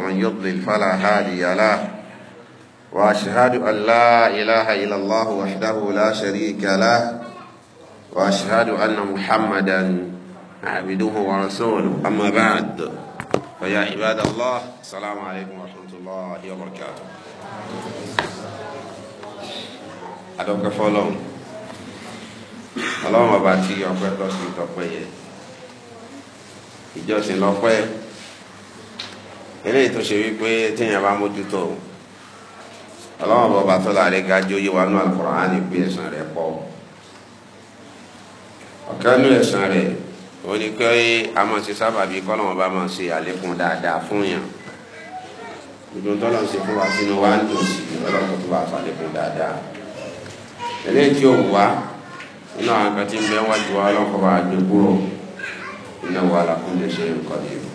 ومن يضلل فلا هادي له وأشهد أن لا إله إلا الله وحده لا شريك له وأشهد أن محمدا عبده ورسوله أما بعد فيا عباد الله السلام عليكم ورحمة الله وبركاته adọ́pẹ́ fọ́lọ́run ọlọ́run ọba tí ọpẹ́ tọ́ sí tọpẹ́ yẹ ìjọsìn lọ́pẹ́ eléyìí tó ṣe wípé téèyàn bá mójútó ọlọ́wọ́n bọ́ bá tọ́lá rẹ̀ ga jó yé wa nú Al-Qur'ani pé ẹ̀san rẹ̀ pọ̀ ọ̀kan nú ẹ̀san rẹ̀ ó ní pé a máa ṣe sábàbí kọ́lọ́wọ́n bá máa ṣe àlékún dáadáa fún yàn gbogbo tọ́lọ́ ṣe fún wa sínú wa ń dùn sí ọlọ́wọ́n tó bá ṣàlékún dáadáa eléyìí tí ò wá nínú àwọn kan ń bẹ wájú wa ọlọ́kọ̀ọ́ bá gbé kúrò innahu ala kulli shay'in qadir.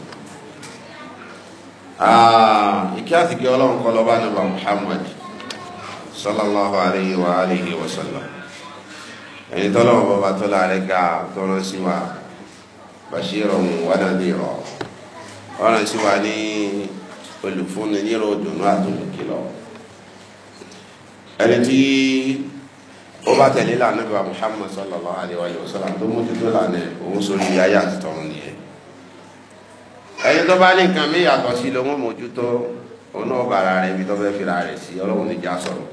Ah, ìkí àtìkí ọlọ́run kọ́ lọ́ba nípa Muhammad sallallahu alayhi wa alihi wa sallam ẹni tọ́lọ́wọ́ bọ́ba tó láàrin ká tọ́rọ sí wa bashiran wa nadira ọ̀rọ̀ sí wa ní olùfúnni nírò dùnú àtúntò lọ ẹni tí ó bá tẹ̀lé lànà bá Muhammad sallallahu alayhi wa sallam tó mú títú lànà òun sórí ayé àti tọ́run nìyẹn ẹni tó bá ní nǹkan mí yàtọ̀ sí ló ń mójútó òun náà bàrà rẹ̀ ibi tó fẹ́ fi ra rẹ̀ sí ọlọ́run níjà sọ̀rọ̀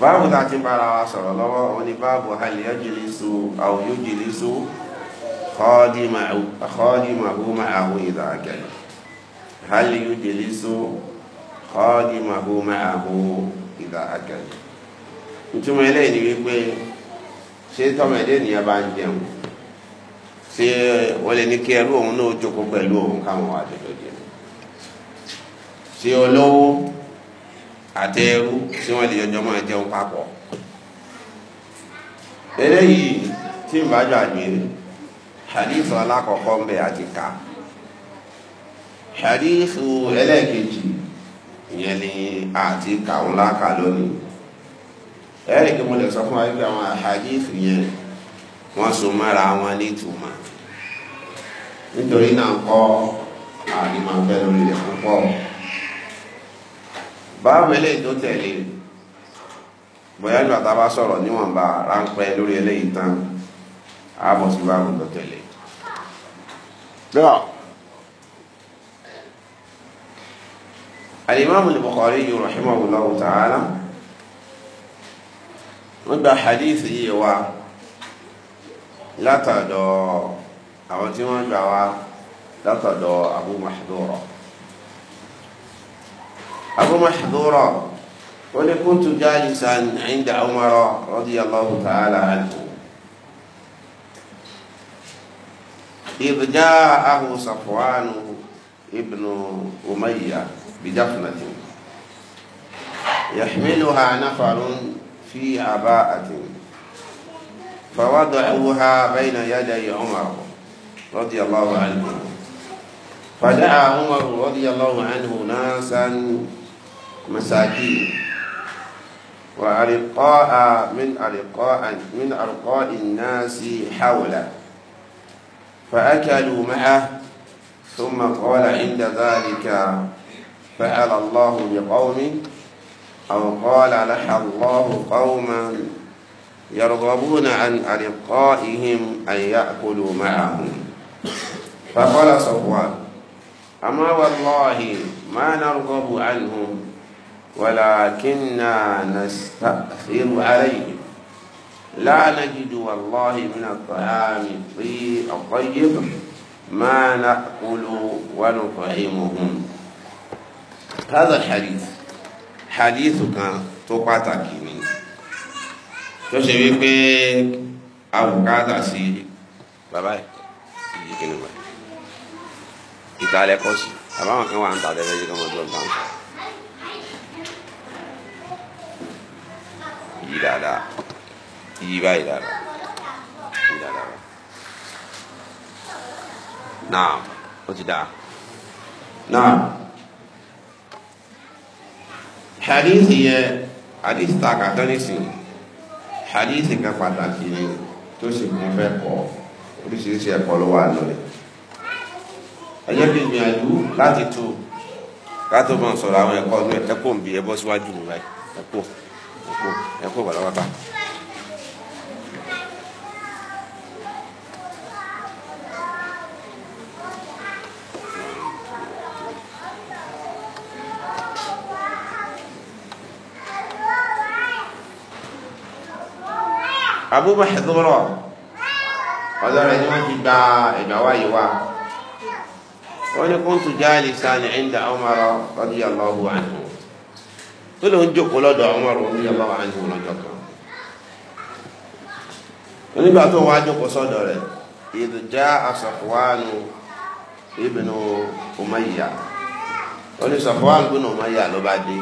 báàbù tá a ti ń bára wa sọ̀rọ̀ lọ́wọ́ ó ní báàbù àlẹ́ yajlisu aw yujlisu khadimahu ma'ahu idha kala hal yujlisu khadimahu ma'ahu idha kala ìtumọ̀ eléyìí ni wípé ṣé tọ́mọ̀ ẹ̀dẹ́ ènìyàn bá ń jẹun ṣé wọ́n lè ní kí ẹrú òun náà jókòó pẹ̀lú òun káwọn àjọjọ jẹ ṣé olówó àti ẹrú ṣé wọ́n lè yọjọ́ máa jẹun papọ̀ eléyìí tí n bá jọ àgbèrè hadith alákọ̀ọ́kọ́ ń bẹ àti ká hadith ẹlẹ́ẹ̀kejì ìyẹn ni àti kàwọn láka lónìí ẹ̀rì mo lè sọ fún wa wípé àwọn hadith yẹn wọ́n so mára wọn nítumọ̀ nítorí náà kọ́ àdìmọ̀fẹ́ lórí rẹ̀ púpọ̀ báwo eléyìí tó tẹ̀lé bóyá nígbà tá a bá sọ̀rọ̀ níwọ̀nba ráńpẹ́ lórí eléyìí tán àbọ̀ sí báwo tó tẹ̀lé. الإمام البخاري رحمه الله تعالى ودى حديثه وعلى látọ̀dọ̀ àwọn tí wọ́n gbà wá látọ̀dọ̀ Abu Mahdura Abu Mahdura ó ní kuntu jalisan inda Umar radiyallahu ta'ala anhu idh ja'ahu Safwan ibn Umayya bijafnatin yahmiluha nafarun fi aba'atin. فوضعوها بين يدي عمر رضي الله عنه فدعا عمر رضي الله عنه ناسا مساكين وعرقاء من عرقاء من عرقاء الناس حوله فأكلوا معه ثم قال عند ذلك فعل الله بقوم أو قال لحى الله قوما يرغبون عن ألقائهم أن يأكلوا معهم فقال صفوان أما والله ما نرغب عنهم ولكننا نستأثر عليهم لا نجد والله من الطعام الطيب ما نأكل ونطعمهم هذا الحديث حديثك كان تقاتكين tó que a àwòkátà eh, sí bàbá vai yìí aqui não vai. ìtàlẹ̀ kọ́ sí àbáwọn kan wà ń tàlẹ̀ lẹ́yìn kan mọ́tò nǹkan yìí dáadáa yìí báyìí dáadáa yìí dáadáa náà ó ti dáa náà hadith é hadith ta kàtọ́ sim. hadith kan pàtàkì ni tó sì kún fẹ́ kọ́ oríṣiríṣi ẹ̀kọ́ ló wà lórí ẹ jẹ́ kí n gbìyànjú láti tú ká tó mọ̀ sọ̀rọ̀ àwọn ẹ̀kọ́ inú ẹ̀kọ́ ń bí ẹ bọ́ síwájú mi báyìí ẹ̀kọ́ ẹ̀kọ́ ẹ̀kọ́ ìgbàlọ́wọ́ta. Abu Mahdura ọ̀dọ̀ rẹ̀ ni wọ́n ti gba ìgbà wáyé wa wọ́n ní kuntu jalisan inda Umar radiyallahu anhu tó ló ń jókòó lọ́dọ̀ Umar radiyallahu anhu lọ́jọ́ kan onígbà tó wá jókòó sọ́dọ̀ rẹ̀ idh jaa Safwanu ibn Umayya wọ́n ní Safwan ibn ló bá dé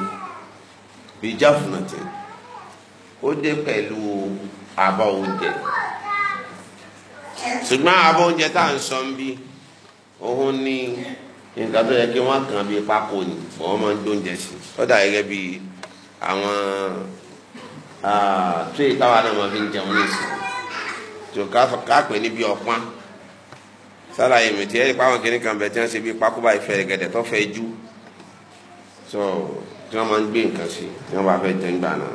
bíi jáfùnà tẹ̀ ó dé pẹ̀lú abọ́ oúnjẹ ṣùgbọ́n abọ́ oúnjẹ tá à ń sọ bí òun ní nǹkan tó yẹ kí wọ́n kàn bíi pákó ni wọ́n máa ń dóúnjẹ sí ó dà gẹ́gẹ́ bíi àwọn tóyè táwa náà máa fi ń jẹun nísìn tó káàpẹ́ níbi ọ̀pá sálàyé mi tí ẹ rí páwọn kìnnìkan kan bẹ̀ tí wọ́n ṣe bíi pákó báyìí fẹ́ gẹ̀dẹ̀ tó fẹ́ jú tí wọ́n máa ń gbé nǹkan sí tí wọ́n bá fẹ́ jẹun gbà náà.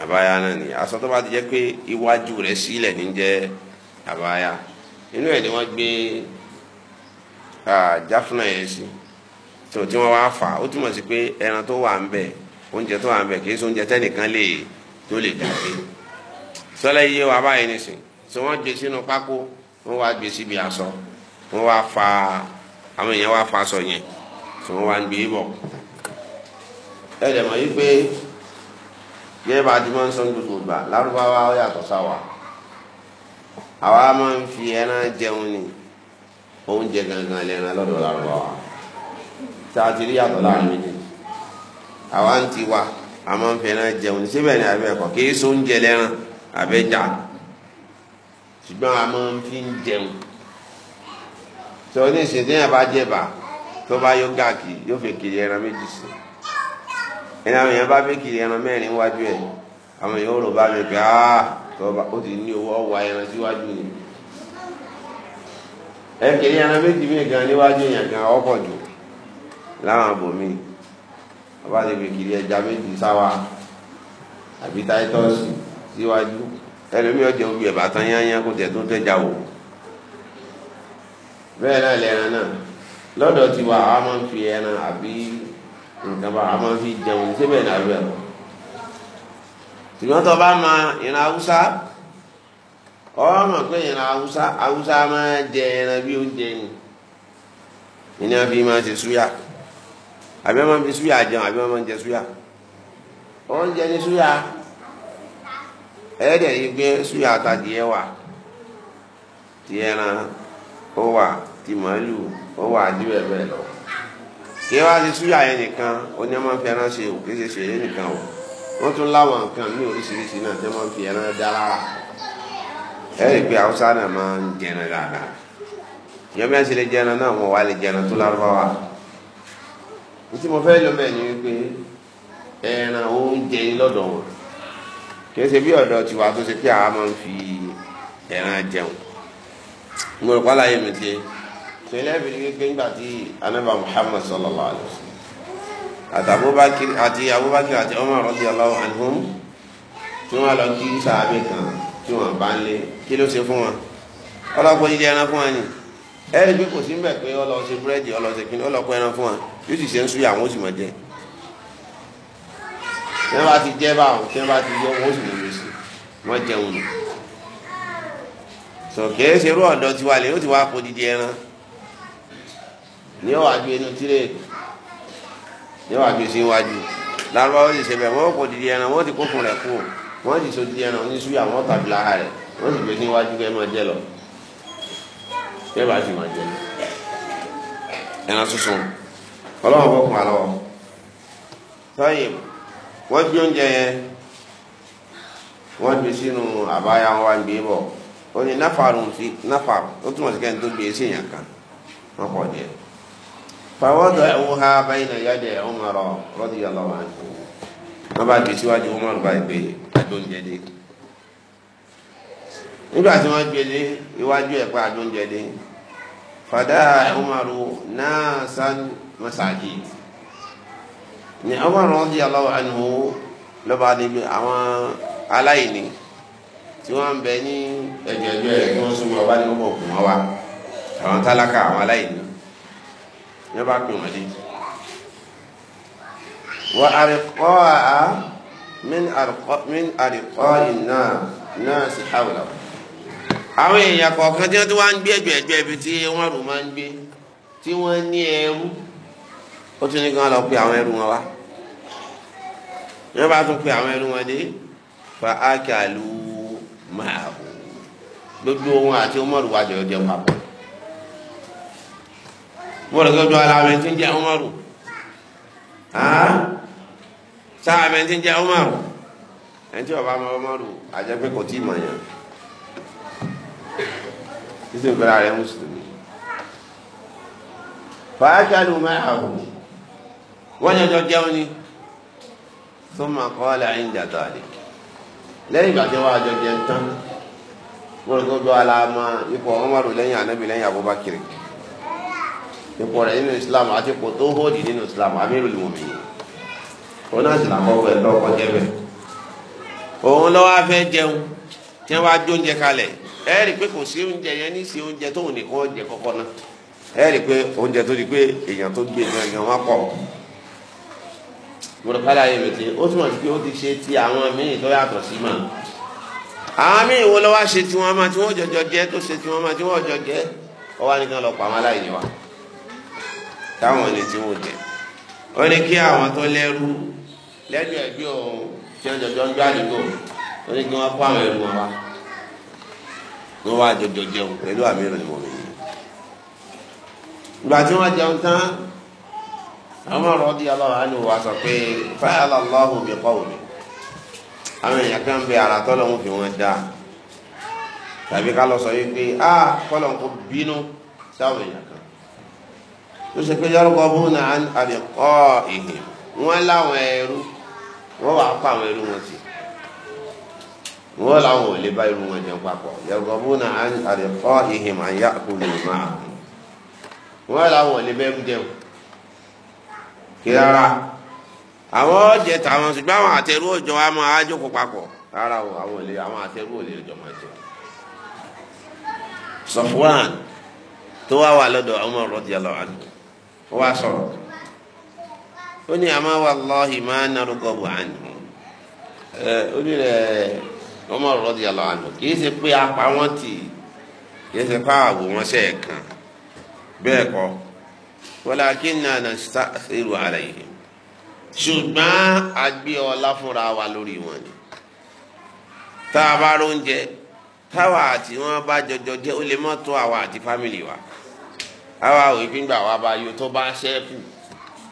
àbáyá náà ni aṣọ tó bá ti jẹ́ pé iwájú rẹ̀ sílẹ̀ ní jẹ́ àbáyá inú ẹ̀ ni wọ́n gbé jáfúnà yẹn sí tó tí wọ́n wá fà ó túmọ̀ sí pé ẹran tó wà ń bẹ̀ oúnjẹ tó wà ń bẹ̀ kì í ṣe oúnjẹ tẹ́nìkan lè tó lè dàgbé sọlá iye wa báyìí nìsín tí wọ́n gbé sínú pákó wọ́n wá gbé síbi aṣọ wọ́n wá fa àwọn èèyàn wá fa aṣọ yẹn tí wọ́n wá ń gbé bọ̀ ẹ̀ dẹ̀ mọ̀ yí pé gẹ́gẹ́ bá a ti máa ń sọ ní gbogbo ìgbà lárúbáwá ó yàtọ̀ sáwà àwa máa ń fi ẹran jẹun ni oúnjẹ gangan lẹ́ran lọ́dọ̀ lárúbáwá tá a ti rí yàtọ̀ láàrin méjèèjì àwa ń tiwa a máa ń fi ẹran jẹun ni síbẹ̀ ni àbẹ̀ ẹ̀kọ́ kì í so oúnjẹ lẹ́ran àbẹ̀jà ṣùgbọ́n a máa ń fi ń jẹun sọ ní ìṣèdíyàn bá jẹba tó bá yóò gàkì yóò fi kiri ẹran méjì sí i ẹni àwọn èèyàn bá fẹ́ kiri ẹran mẹ́rin wájú ẹ̀ àwọn èèyàn rò bá mi pé áá ah, ó ti ní owó ọwọ́ ẹran síwájú ni ẹ kiri ẹran méjì mí gan níwájú yẹn gan ọ̀pọ̀ jù láwọn abòmí ọba ti fi kiri ẹja méjì sáwa àbí táítọ́ọ̀sì síwájú ẹlòmíì ọjà òbí ẹ̀bà tán yányá kó tẹ̀ tó tẹ̀jà wò bẹ́ẹ̀ náà lẹ́ran náà lọ́dọ̀ tiwa a máa ń fi ẹran àbí. nǹkan bá a fi jẹun ní sébẹ̀ náà bá ma ìran haúsá ọwọ́ pé ìran haúsá haúsá ma jẹ ẹran bí oúnjẹ ni ìní àfi ma ṣe suya àbí ma fi suya jẹun àbí wọ́n jẹ súyà oúnjẹ ni suya ẹ̀ẹ́dẹ̀ yìí gbé suya ta ẹ̀ wa ti ẹran ó wà kí wá ti súyà yẹn nìkan oní ọmọ fi ẹran ṣe òkè ṣe ṣe yẹn nìkan o wọ́n tún láwọn nǹkan ní oríṣiríṣi náà tí wọ́n fi ẹran dá lára ẹ rí i pé haúsá náà máa ń jẹran dáadáa ìyẹn bí wọ́n ṣe lè jẹran náà wọ́n wá lè jẹran tó lárúbáwá tí mo fẹ́ lọ bẹ́ẹ̀ ni wípé ẹran oúnjẹ ni lọ́dọ̀ wọn kì í ṣe bí ọ̀dọ̀ tiwa tó ṣe pé àwa máa ń fi ẹran jẹun mo tẹ́lẹ̀ bi kékeré nígbà tí anaba muhammad sallallahu alayhi wa sallam àti abubakar àti abubakar àti umar radiyallahu anhum tí wọ́n lọ kí sàábì kan tí wọ́n bá ń lé kí ló ṣe fún wọn ọlọ́pọ̀ yìí di ẹran fún wa ni ẹ ẹ bí kò sí mbẹ pé ọlọ ṣe búrẹ́dì ọlọ ṣe kí ni ọlọ́pọ̀ ẹran fún wa yóò sì ṣe ń súyà àwọn oṣù mọ̀ jẹ tí wọ́n bá ti jẹ́ báwọn tí wọ́n bá ti yọ wọn oṣù mọ̀ lóṣù wọ́n jẹun nù sọ kìí ṣerú ọ̀dọ́ tiwa lè yóò ti wá kó didi ẹran ní ọ̀wá inú tirẹ̀ ní ọ̀wá sí iwájú lárúbáwá ó sì ṣe bẹ́ẹ̀ kò dìde ẹran wọ́n ti kókun rẹ̀ kú wọ́n sì so dìde ẹran oníṣúyà wọ́n tàbí láha rẹ̀ wọ́n sì gbé níwájú kẹ́ máa jẹ lọ bẹ́ẹ̀ bá sì máa jẹ lọ ẹran tuntun ọlọ́run bọ́ kún àlọ́ sọ́yìn wọ́n gbé oúnjẹ yẹn wọ́n gbé sínú àbáyá wa gbé bọ̀ ó ní náfàrún sí náfàrún ó túmọ̀ sí kẹ́ni tó gbé e sí èèyàn kan wọ́n pọ̀ jẹ́ فوضعوها بين يدي عمر رضي الله عنه ما بعد سواج عمر بايبي adun jede nígbà tí wọ́n gbélé iwájú ẹ̀ pé adun jede fàdá umaru náà san masaji ni umaru radiyallahu anhu ló bá níbi àwọn aláìní tí wọ́n bẹ ní ẹ̀jẹ̀jẹ̀ ẹ̀ kí wọ́n súnmọ́ ọba ní gbogbo òkun wọn wa àwọn tálákà àwọn aláìní yẹn bá pè wọ́n dé. wà àríkọ́ à min àríkọ́ iná náà sì hàwùlà. àwọn èèyàn kọ̀ọ̀kan tí wọ́n ti wá ń gbé ẹ̀jọ̀ ẹ̀jọ̀ ibi tí wọ́n rò máa ń gbé tí wọ́n ní ẹrú ó tún ní kí wọ́n lọ pe àwọn ẹrú wọn wá. yẹn bá tún pe àwọn ẹrú wọn dé fa ákàlù máa gbogbo wọn àti ọmọ rẹ wájú gbọ́dọ̀ tó dọ́ aláwẹ̀ tí ń jẹ́ Umaru sáàmẹ́ tí ń jẹ́ Umaru ẹni tí ọba máa Umaru àjẹpẹ́ kò tí ì mọ̀ yẹn títí ń pẹ́ra rẹ̀ mùsùlùmí fàákàlù ma'ahu wọ́n jọjọ jẹun ni thumma qala inda dhalik lẹ́yìn ìgbà tí wọ́n àjọ jẹun tán gbọ́dọ̀ tó dọ́ aláwẹ̀ ipò Umaru lẹ́yìn Ànábì lẹ́yìn Abubakar kiri ipò rẹ̀ nínú islam àti ipò tó hóòdì nínú islam amirul mu'minin òun náà sì làkọ́kọ́ ẹ̀ lọ́kọ́ jẹ́bẹ̀ òun ló wá fẹ́ jẹun tí wọ́n bá jó oúnjẹ kalẹ̀ ẹ rí i pé kò sí oúnjẹ yẹn ní í sí oúnjẹ tóun nìkan jẹ kọ́kọ́ náà ẹ rí i pé oúnjẹ tó di pé èèyàn tó gbé gan gan wọn pọ̀ mọ̀lùkálà yẹn bẹ̀tẹ̀ ó túmọ̀ sí pé ó ti ṣe ti àwọn míì tó yàtọ̀ sí mà àwọn míì wo ló wá ṣe tiwọn máa tí wọ́n jọjọ jẹ́ tó ṣe tiwọn máa tí wọ́n jọ jẹ́ ọwọ́ nìkan lọ pa aláìní wa táwọn ẹni tí wò jẹ ó ní kí àwọn tó lẹ́rú lẹ́nu ẹ̀bí òun tí wọ́n jọjọ ń gbá àdúgbò ó ní kí wọ́n kó àwọn ẹrù wọn wá wọ́n wá jọjọ jẹun pẹ̀lú àmì ìrìnàmọ̀ mi ìgbà tí wọ́n jẹun tán àwọn ọ̀rọ̀ di aláwọ̀ á ní wà sọ pé fáyàlá aláwọ̀ bí kọ́ òní àwọn èèyàn kan bẹ ara tọ́lọ̀ ń fi wọn dá tàbí ká lọ sọ yìí pé a ah, kọ́lọ̀ ń kó bínú sáwọn èèyàn kan. tó ṣe pé yọrùkọ àbíkọ ìhè wọn ẹrú wọn wàá kọ àwọn ẹrú wọn sí wọn làwọn ò lè bá irú wọn jẹun yọrùkọ àbíkọ ìhè mà ń yá wọn làwọn ò lè jẹun kí àwọn tàwọn àwọn òjò wa máa jókòó o àwọn ò lè àwọn àtẹrú ò lè máa jẹun. tó wá wà ó wá sọ̀rọ̀ ó ní àmọ́ wallahi má narghabu anhu ó ní rẹ̀ ọmọ radiyallahu anhu kì í ṣe pé apá wọn tì kì í ṣe pé ààbò wọn ṣe é kàn bẹ́ẹ̀ kọ́ walakinna nastathiru alayhim ṣùgbọ́n a ọlá fúnra wa lórí wọn ni tá a bá róúnjẹ táwa àti wọn bá jọjọ jẹ ó lè mọ́ tó àwa àti fámìlì wa àwa àwọn ìpín gbà wá bá yọ tó bá ṣẹ́kù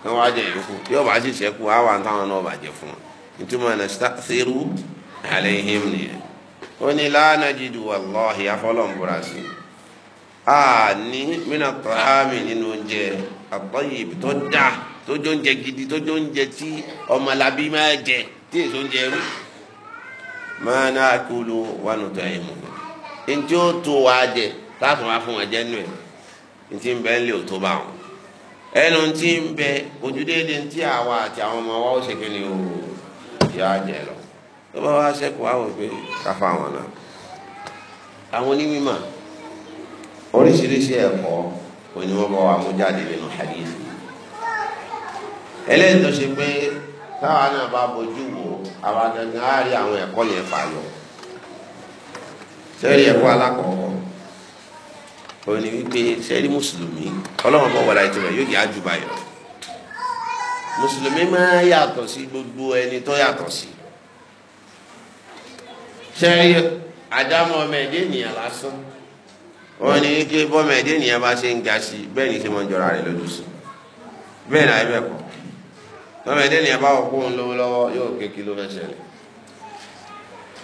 kí wọ́n á jẹ yòókù yóò bá sì ṣẹ́kù àwa táwọn náà bàjẹ́ fún wọn ìtumọ̀ ẹ̀ ṣàṣírù àlẹ́hìn nìyẹn ó ní lánàjìdù wàlọ́ọ̀hì afọlọ́ǹbùrà sí a ní mínà tààmì nínú oúnjẹ àtọ́yìí tó dá tó oúnjẹ gidi tó oúnjẹ tí ọmọlábí máa jẹ tí èso oúnjẹ rú máa náà kúlu tó ẹ̀ mú ntí ó tó wàá jẹ táàtùn wá fún wọn jẹ nù ẹ̀ ntí ń bẹ ń tó bá wọn ẹnu ntí ń bẹ ojúdéédé ntí àwa àti àwọn ọmọ wa ó ṣe kíni o yà á lọ tó bá wá sẹ́kù á wò káfa wọn náà àwọn onímọ̀ oríṣiríṣi ẹ̀kọ́ onímọ̀bọ̀ àmújáde nínú hadith eléyìí tó ṣe pé táwa náà bá bójú wò àwa gangan á rí àwọn ẹ̀kọ́ yẹn fà yọ sẹ́rí ẹ̀kọ́ alákọ̀ọ́kọ́ òun ni wípé sẹ́ẹ̀rí mùsùlùmí ọlọ́run bọ̀ wọlé ìtura yóò yá jù báyìí lọ mùsùlùmí máa yàtọ̀ sí gbogbo ẹni tó yàtọ̀ sí sẹ́ẹ̀rí àdámọ́ ọmọ ẹ̀dẹ́ ènìyàn lásán òun ni wípé bọ́mọ ẹ̀dẹ́ ènìyàn bá ṣe ń ga sí bẹ́ẹ̀ ni ṣe máa ń jọra rẹ̀ lójú sí bẹ́ẹ̀ náà ẹ̀bẹ̀ kọ́ tọ́mọ ẹ̀dẹ́ ènìyàn bá wọ̀ kó ń lówó lọ́wọ́ yóò kékeré ló fẹ́ ṣẹlẹ̀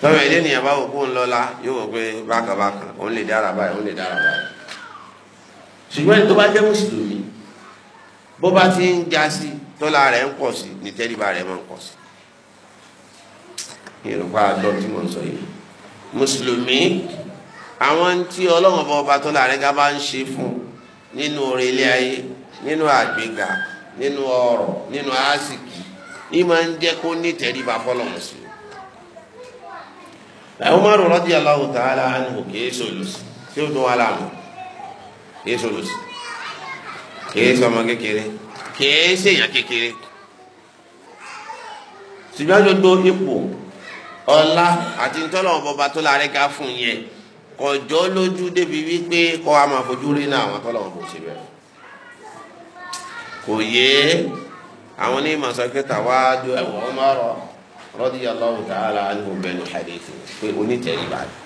tọ́mọ ẹ̀dẹ́ ènìyàn bá wọ̀ kó ń lọ́lá yóò wọ̀ pé bákan bákan òun lè dára báyìí òun lè dára báyìí ṣùgbọ́n ẹni tó bá jẹ́ mùsùlùmí bó bá ti ń ga sí tọ́lá rẹ̀ ń pọ̀ sí ní tẹ́lifà rẹ̀ máa ń pọ̀ sí. ìrùkọ́ àdọ́ tí mo ń sọ yìí mùsùlùmí àwọn tí ọlọ́run bá ọba tọ́lá rẹ̀ ká bá ń ṣe fún nínú orí ilé ayé nínú àgbéga nínú ọrọ̀ nínú àásìkì ní máa ń jẹ́ kó ní tẹ́lifà fọlọ́run sí. làwọn márùn-ún radiyallahu ta'ala anhu kì í sọ̀lù sí tí ó dún wa láàmú kìí sọ̀rọ̀ sí kìí sọmọ kékeré kìí ṣèyàn kékeré ṣùgbọ́n gbogbo ipò ọlá àti ntọ́lọ́wọ́ bọba tó láre ká fún yẹn kọjọ́ lójú débi wípé kọ́ a máa fojú rí náà àwọn tọ́lọ́wọ́ bò ṣe bẹ́ẹ̀ kò yé àwọn onímọ̀ sọ pé tàwádùú ẹ̀wọ̀n Umar radiyallahu ta'ala anhu bẹ́ẹ̀ ní hadith pé onítẹ̀rí báyìí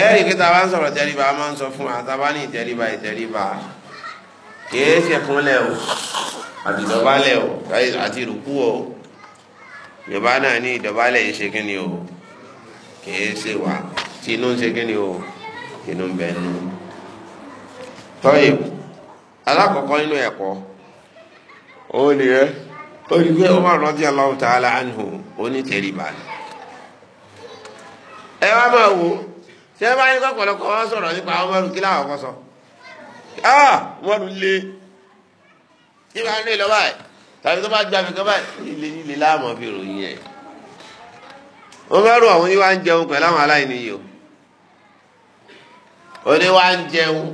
ẹ̀rí kí tàbá ń sọ̀rọ̀ tẹríba a máa ń sọ fún wa tàbá ní ìtẹríba ìtẹríba kìí ṣe kúnlẹ̀ o àti ìdọ̀bálẹ̀ o àti ìrùkú o yorùbá náà ní ìdọ̀bálẹ̀ yìí ṣe kíni o kìí ṣe wà tí inú ń ṣe kíni o inú ń bẹ nú. tọ́yìn alákọ̀ọ́kọ́ nínú ẹ̀kọ́ ó ní ẹ́ ó ní pé Umar radiyallahu ta'ala anhu ó ní tẹríba ẹ wá máa wò ó tí ẹ bá ní kọ́pọ̀lọpọ̀ wọ́n sọ̀rọ̀ nípa àwọn ọmọrù kí láwọn sọ ah wọ́n lè kí wọ́n lè lọ báyìí tàbí tó bá gba nǹkan báyìí ilé ilé láàmú fi ròyìn ẹ̀ wọ́n bá rò àwọn yìí wá ń jẹun pẹ̀lú àwọn aláìní yìí o òní wá ń jẹun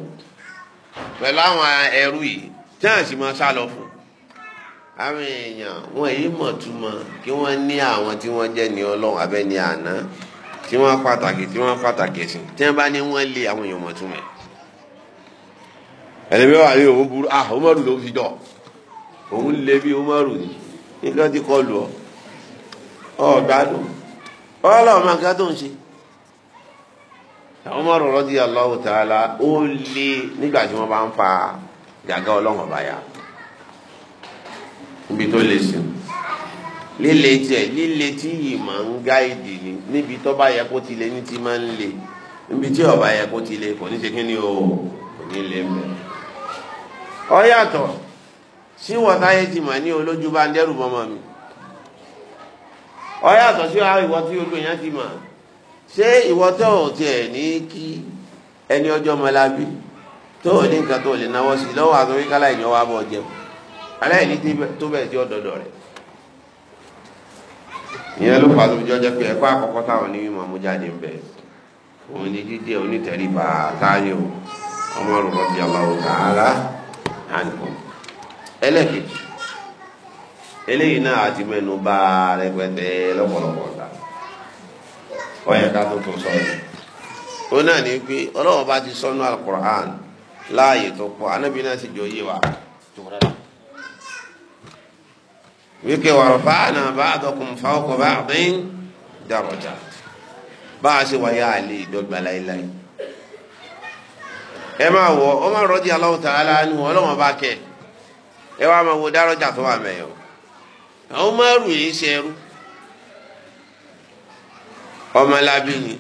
pẹ̀lú àwọn ẹrú yìí tí wọ́n sì máa sá lọ fún àwọn èèyàn wọn èyí mọ̀ túmọ̀ kí wọ́n ní àwọn tí wọ́n jẹ́ ní ọlọ́run abẹ́ àná tí wọ́n pàtàkì tí wọ́n pàtàkì ẹ̀sìn tí wọ́n bá ní wọ́n lé àwọn èèyàn mọ̀ túmọ̀ ẹlẹ́mìí wà ní òun burú ah Umaru ló fi dọ̀ òun lé bí Umaru ni nígbà tí kò lù ọ ọ̀gbádùn ọlọ́run máa ká tó ń ṣe Umaru radiyallahu ta'ala ó lé nígbà tí wọ́n bá ń fa gàgá ọlọ́run ọ̀bàyà níbi tó lè sìn. líle tiẹ̀ líle tí yìí máa ń gáìdì ni níbi tó bá yẹ kó ti lé ní ti máa ń le níbi tí ó yẹ kó ti lé kò ní ṣe kí ni o kò ní lè mẹ. ọ yàtọ̀ sí wọ́táyé ti mà ní olójú bá ń dẹ́rù bọ́mọ mi ọ yàtọ̀ sí ìwọ tí olú ti mà ṣé ìwọ tó ò tiẹ̀ ní kí ẹni ọjọ́ mọ́lábí tó ní nǹkan tó lè ìyẹn ló fà á tó jọ jẹ́ pé ẹ̀kọ́ àkọ́kọ́ táwọn ní mímọ́ mú jáde ń bẹ̀ òun ni jíjẹ́ onítẹ̀ríba táyé o ọmọ rọ̀rọ̀ bíi aláwọ̀ tààrà ànìkọ́ ẹlẹ́kejì eléyìí náà àti mẹ́nu bá rẹpẹtẹ lọ́pọ̀lọpọ̀ ọ̀tá ọyẹ ká tó tó sọ yìí ó náà ní pé ọlọ́wọ́ bá ti sọ́nù Al-Qur'an láàyè tó pọ̀ anábìínà sì jọ yé wa tó rẹ̀ wíkẹ́ wà rọ̀fà náà bá àdọ́kùn fáwọ́kọ̀ bá àdín dàrọ̀jà bá a ṣe wáyé àlè ìdọ́gba láéláé ẹ máa wọ ọ máa rọ́ọ̀dì Allahu Ta'ala ni wọn lọ́wọ́n bá kẹ́ ẹ wá máa wo dárọ́jà tó wà mẹ́yọ̀ àwọn márùn yìí ṣe ẹrú ọmọlábí ni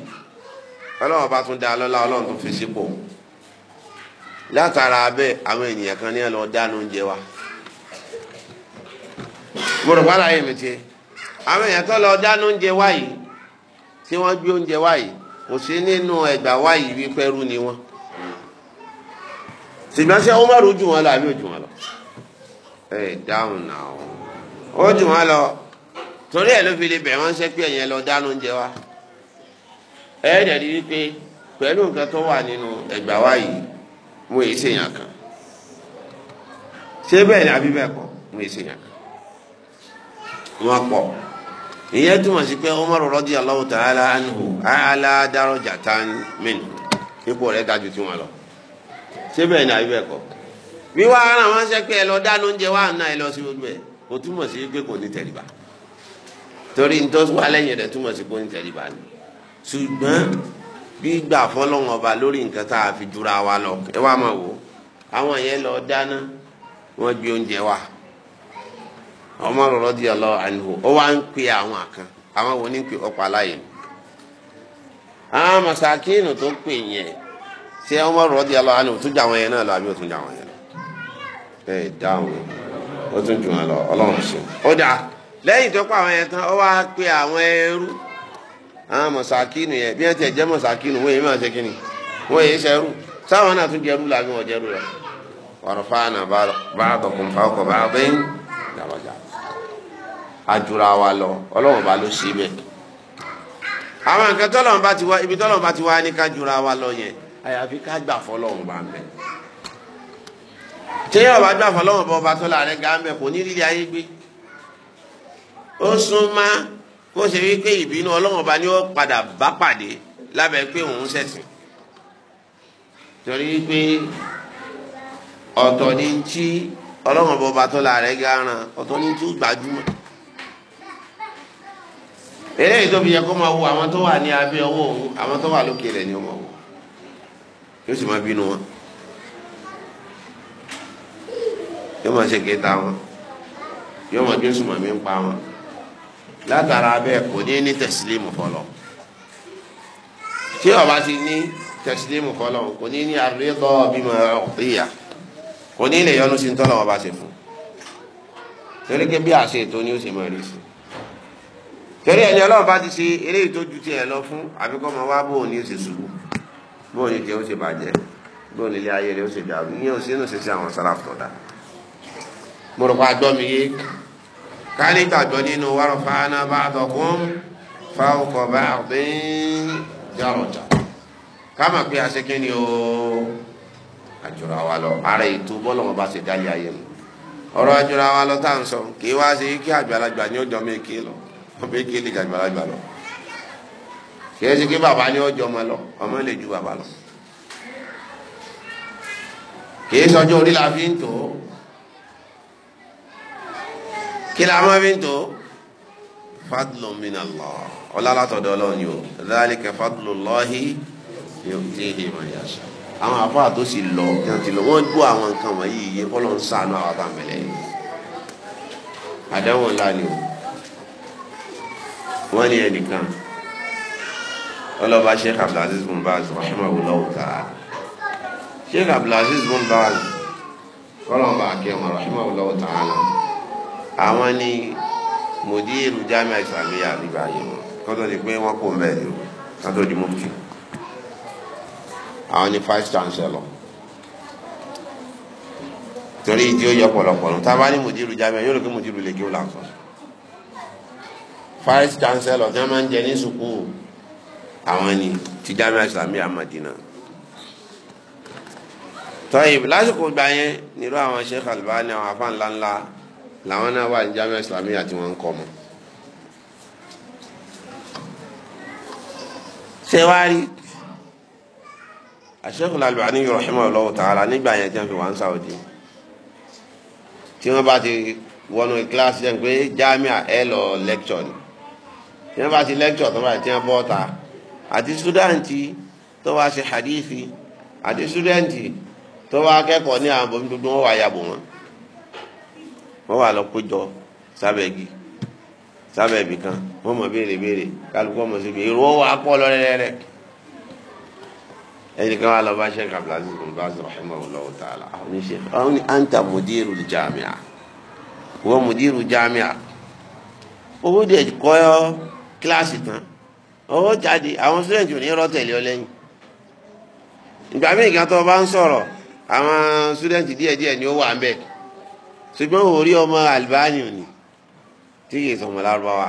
ọlọ́wọ́n bá tún dá lọ́lá ọlọ́run tó fi sípò látara abẹ́ àwọn ènìyàn kan ní ẹ lọ dáná oúnjẹ wa. mo rò ayé mi tiẹ̀ àwọn èèyàn tó lọ dáná oúnjẹ wáyìí tí wọ́n gbé oúnjẹ wáyìí kò sí nínú ẹgbà wáyìí wípé pẹrú ni wọn ṣùgbọ́n ṣé wọ́n rú lọ àbí ò jù lọ ẹ dáhùn náà lọ torí ló fi lè ṣe pé wa ẹ dẹ̀ di pẹ̀lú nǹkan tó wà nínú ẹgbà kan ṣé bẹ́ẹ̀ ni àbí bẹ́ẹ̀ kọ́ mo kan. wọn pọ̀ ìyẹn túmọ̀ sí pé Umar radiyallahu ta'ala anhu ala darajatan minhu ipò rẹ̀ ga ju tiwọn lọ ṣé bẹ́ẹ̀ ni àbí bẹ́ẹ̀ kọ́ wíwá ara wọn ṣe pé ẹ lọ dáná oúnjẹ wa náà ẹ lọ sí gbogbo ẹ kò túmọ̀ sí pé kò ní tẹ̀lé bá torí nítorí wà lẹ́yìn rẹ̀ túmọ̀ sí pé kò ní tẹ̀lé bá ni ṣùgbọ́n gbígbà fọlọ́wọn ọba lórí nǹkan tá a fi jura wa lọ ẹ wá máa wò ó àwọn yẹn lọ dáná wọ́n gbé oúnjẹ wa Umar radiyallahu anhu ó wá ń pe àwọn kan àwọn wo ní pe ọ̀pọ̀ aláìní. àwọn masakínu tó pè yẹn ṣé Umar radiyallahu anhu tún jà wọn yẹn náà lọ àbí ó tún jà wọn yẹn lọ. ẹ dáhùn ó tún jù wọn lọ ṣe. ó dà lẹ́yìn tó pa àwọn yẹn tán ó wá àwọn ẹrú àwọn masakínu yẹn bí wọ́n ti jẹ́ masakínu wọ́n ṣe kíni wọ́n sáwọn ajura wa lọ ọlọ́run bá ló ṣe àwọn nǹkan ti wá ibi tọ́lọ́run bá ti wá ní ká jura wa lọ yẹn àyàfi ká gbà fọlọ́run bá ń ọba gbà fọlọ́run bá ọba tọ́lá rẹ̀ gá ń kò ní ayé gbé ó kó ṣe wípé ìbínú ó padà bá pàdé pé òun torí pé ọba ni tí eléyìí tó fi yẹ kó máa wo àwọn tó wà ní abẹ́ ọwọ́ òun àwọn tó wà lókè rẹ̀ ni ó máa wò yóò sì máa bínú wọn yóò máa ṣe kéta wọn yóò máa gbé sùnmọ̀ mi ń pa wọn látara bẹ́ẹ̀ kò ní ní tẹ̀sílímù fọlọ́ tí ọba ti ní tẹ̀sílímù fọlọ́ kò ní ní àrídọ́ bímọ ọ̀tíyà kò ní lè yọnu sí ń tọ́lọ̀ ọba ṣe fún torí pé bí àṣẹ ètò ni ó sì máa rí sí i torí ẹni ọlọ́run bá ti ṣe eléyìí tó ju tiẹ̀ lọ fún àfikọ́ ọmọ wa bóun ni ó ṣe ṣubú bóun ni tiẹ̀ ó ṣe bàjẹ́ bóun ni ilé ayé rẹ̀ ó ṣe dàrú ní òsínú ṣe sí àwọn sáràfù tó dáa mo rò pa gbọ́ mi yé káni gbàgbọ́ nínú wàrọ̀ fáná bá dọ̀kún fáwọkọ̀ bá ọ̀dín jàrọ̀jà káma pé aṣẹ́kẹ́ ni o àjọra wa lọ ara ètò bọ́lọ̀mọ́ bá ṣe dálé ayé mu ọ̀rọ̀ àjọra wa lọ tá à ń sọ kí wá ṣe kí àgbàlagbà ni ó jọ mí kí lọ wọn bẹ kéle jàgbàlagbà lọ kìí ṣe kí bàbá ni ọjọ ọmọ lọ ọmọ lè ju bàbá lọ kìí sọjọ orí la fi ń tò ó kí la máa fi ń tò ó fadlun min Allah ọlọ́lá tọ̀dọ̀ ọlọ́run yìí o dhalika fadlullahi yu'tihi man yasha àwọn àfáà tó sì lọ kí wọn ti lọ wọn gbọ́ àwọn nǹkan wọ̀nyí yìí kọ́ ló ń sànú àwọn àtàmẹ́lẹ́ àdéhùn ńlá ni o wọ́n ní ẹnìkan ọlọ́ba sheikh abdulaziz bin baz rahimahullah ta'ala sheikh abdulaziz bin baz kọ́lọ́ba akẹ́wọ̀n rahimahullah ta'ala àwọn ní mòdìrú jamiu islamiyah àdìgbà yìí wọn kọ́tọ́ di pé wọ́n kò mẹ́rin o kátó di mufti àwọn ní vice chancellor torí ìdí ó yọ pọ̀lọpọ̀ tá a bá ní mòdìrú jamiu yóò rò pé mòdìrú lè kí ó là vice chancellor ní a máa ń jẹ ní sukuu àwọn ni ti jamiu islamiyah madina tọ́yìn lásìkò gba yẹn nírú àwọn sheikh albani àwọn afa ńlá ńlá làwọn náà wà ní jamiu islamiyah tí wọ́n ń kọ́ mọ́. ṣé wàá rí sheikh albani rahimahullahu ta'ala nígbà yẹn tí wọ́n fi wá ń sáwọ́dì tí wọ́n bá ti wọnú kíláàsì yẹn pé jamiu ẹ lọ lecture ni tí wọ́n bá ti lecture tó bá ti ń bọ́ ta àti sùdáǹtì tó bá ṣe hadithi àti sùdáǹtì tó bá kẹ́kọ̀ọ́ ní àwọn gbogbo wọn wà yàbò wọn wọ́n wà lọ kójọ sábẹ́ igi sábẹ́ ibì kan wọ́n mọ̀ béèrè béèrè kálukú ọmọ síbi èrò wọn wà pọ̀ lọ́rẹ́rẹ́rẹ́ ẹnìkan wà lọ bá sheikh abdulaziz bin baz rahimahullahu ta'ala àwọn oníṣẹ́ àwọn ni anta mudiru jami'a wọ́n mudiru jami'a owó dẹ̀ kọ́ kíláàsì tán ọwọ́ jáde àwọn student ò ní rọ́ tẹ̀lé ọ lẹ́yìn ìgbà míì kan tó o bá ń sọ̀rọ̀ àwọn student díẹ̀díẹ̀ ni ó wà ń bẹ̀ ṣùgbọ́n ò rí ọmọ Albani ni tí kì í sọmọ lárúbáwá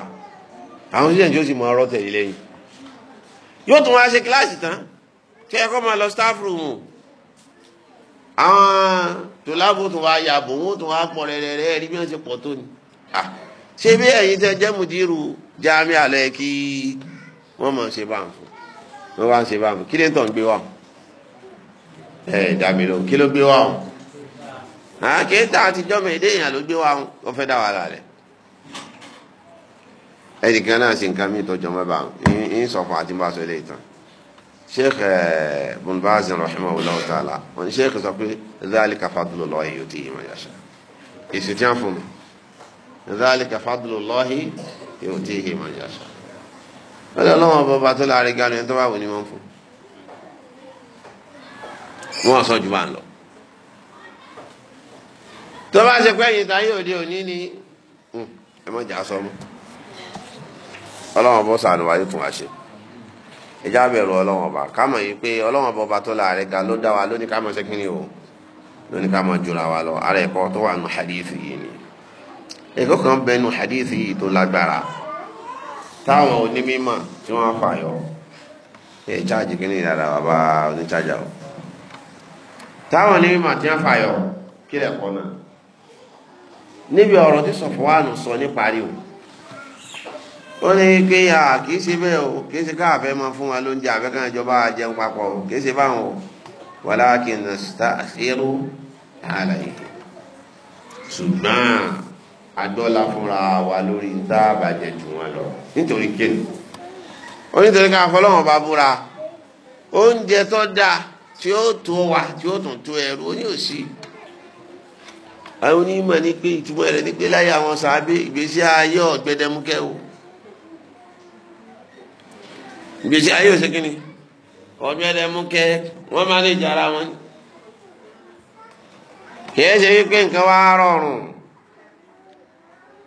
àwọn student yóò sì mọ ọ̀rọ̀ tẹ̀lé lẹ́yìn yóò tún wá ṣe kíláàsì tán tí ẹ kọ́ máa lọ staff room àwọn tòlábù tó wá yàbò wọn tó wá pọ̀ rẹ̀rẹ̀rẹ̀ rí bí wọ́n ṣe pọ̀ tó ni ṣé bí ẹ̀yin tẹ́ jẹ́ mùdírù jáàmì alẹ́ kí wọ́n mọ̀ ṣe báwọn fún wọ́n wá ń ṣe báwọn fún kí lè tàn gbé wà ẹ̀ dàmí lòun kí ló gbé wà wọn. àkéétà àtijọ́ mi èdè èèyàn ló gbé wà wọn wọ́n fẹ́ dá wàhálà rẹ̀ ẹnìkan náà ṣe nǹkan mi tọjọ mọba ń sọ fún àti mbàṣọ ilé ìtàn sheikh bin Baz rahimahullahu ta'ala wọn sheikh sọ pé dhalika fadlullahi yutihi man yasha èsì tí wọn fún mi dhalika fadlullahi yòóntì ìhìmọ̀ yàtọ̀ lọ́dọ̀ ọlọ́wọ́n bọba tó láàrin ganu ẹni tó bá wù ní wọ́n fún wọ́n sọ jù bá ń lọ. tó bá ṣe pé ẹ̀yìn táyé òde òní ni hmm, ẹ mọ̀ jà sọ mọ́ ọlọ́wọ́n bọ́ sànù wáyé tún wá ṣe ìjà bẹ̀rù ọlọ́wọ́n bá ká mọ̀ yìí pé ọlọ́wọ́n bọba tó láàrin ga ló dá wa lóní ká mọ̀ ṣe kí ni o lóní ká mọ̀ jura wa lọ ara ẹ̀kọ́ tó wà nù hadith yìí ni ẹ̀kọ́ kan bẹnu hadith yìí tó lágbára táwọn onímọ̀ tí wọ́n fàyọ ẹ̀ cháàjì kí ní ìdára bàbá oníchájà o táwọn onímọ̀ tí wọ́n fàyọ kí lẹ̀kọ́ náà níbi ọ̀rọ̀ tí sọ̀fọ̀wánù sọ nípa rí o ó ní pé a kì í ṣe bẹ́ẹ̀ o kì í ṣe káàfẹ́ máa fún wa lóúnjẹ àfẹ́kàn ìjọba jẹun papọ̀ o kì í ṣe báwọn o wàlákin nasta'khiru alayhi ṣùgbọ́n àdọ́là fúnra wa lórí tá a bàjẹ́ jù wọn lọ nítorí kíni onítorí ká fọlọ́wọ́n bá búra oúnjẹ tó dáa tí ó tó wa tí ó tún tó ẹrú ó ní òsì àwọn onímọ̀ ní pé ìtumọ̀ rẹ̀ ní pé láyé àwọn sàábé ìgbésí ayé ọ̀gbẹ́dẹ́múkẹ́ o ìgbésí ayé òsèkínni ọ̀gbẹ́dẹ́múkẹ́ wọ́n máa lè jara wọn kì í ṣe wípé nǹkan wá rọrùn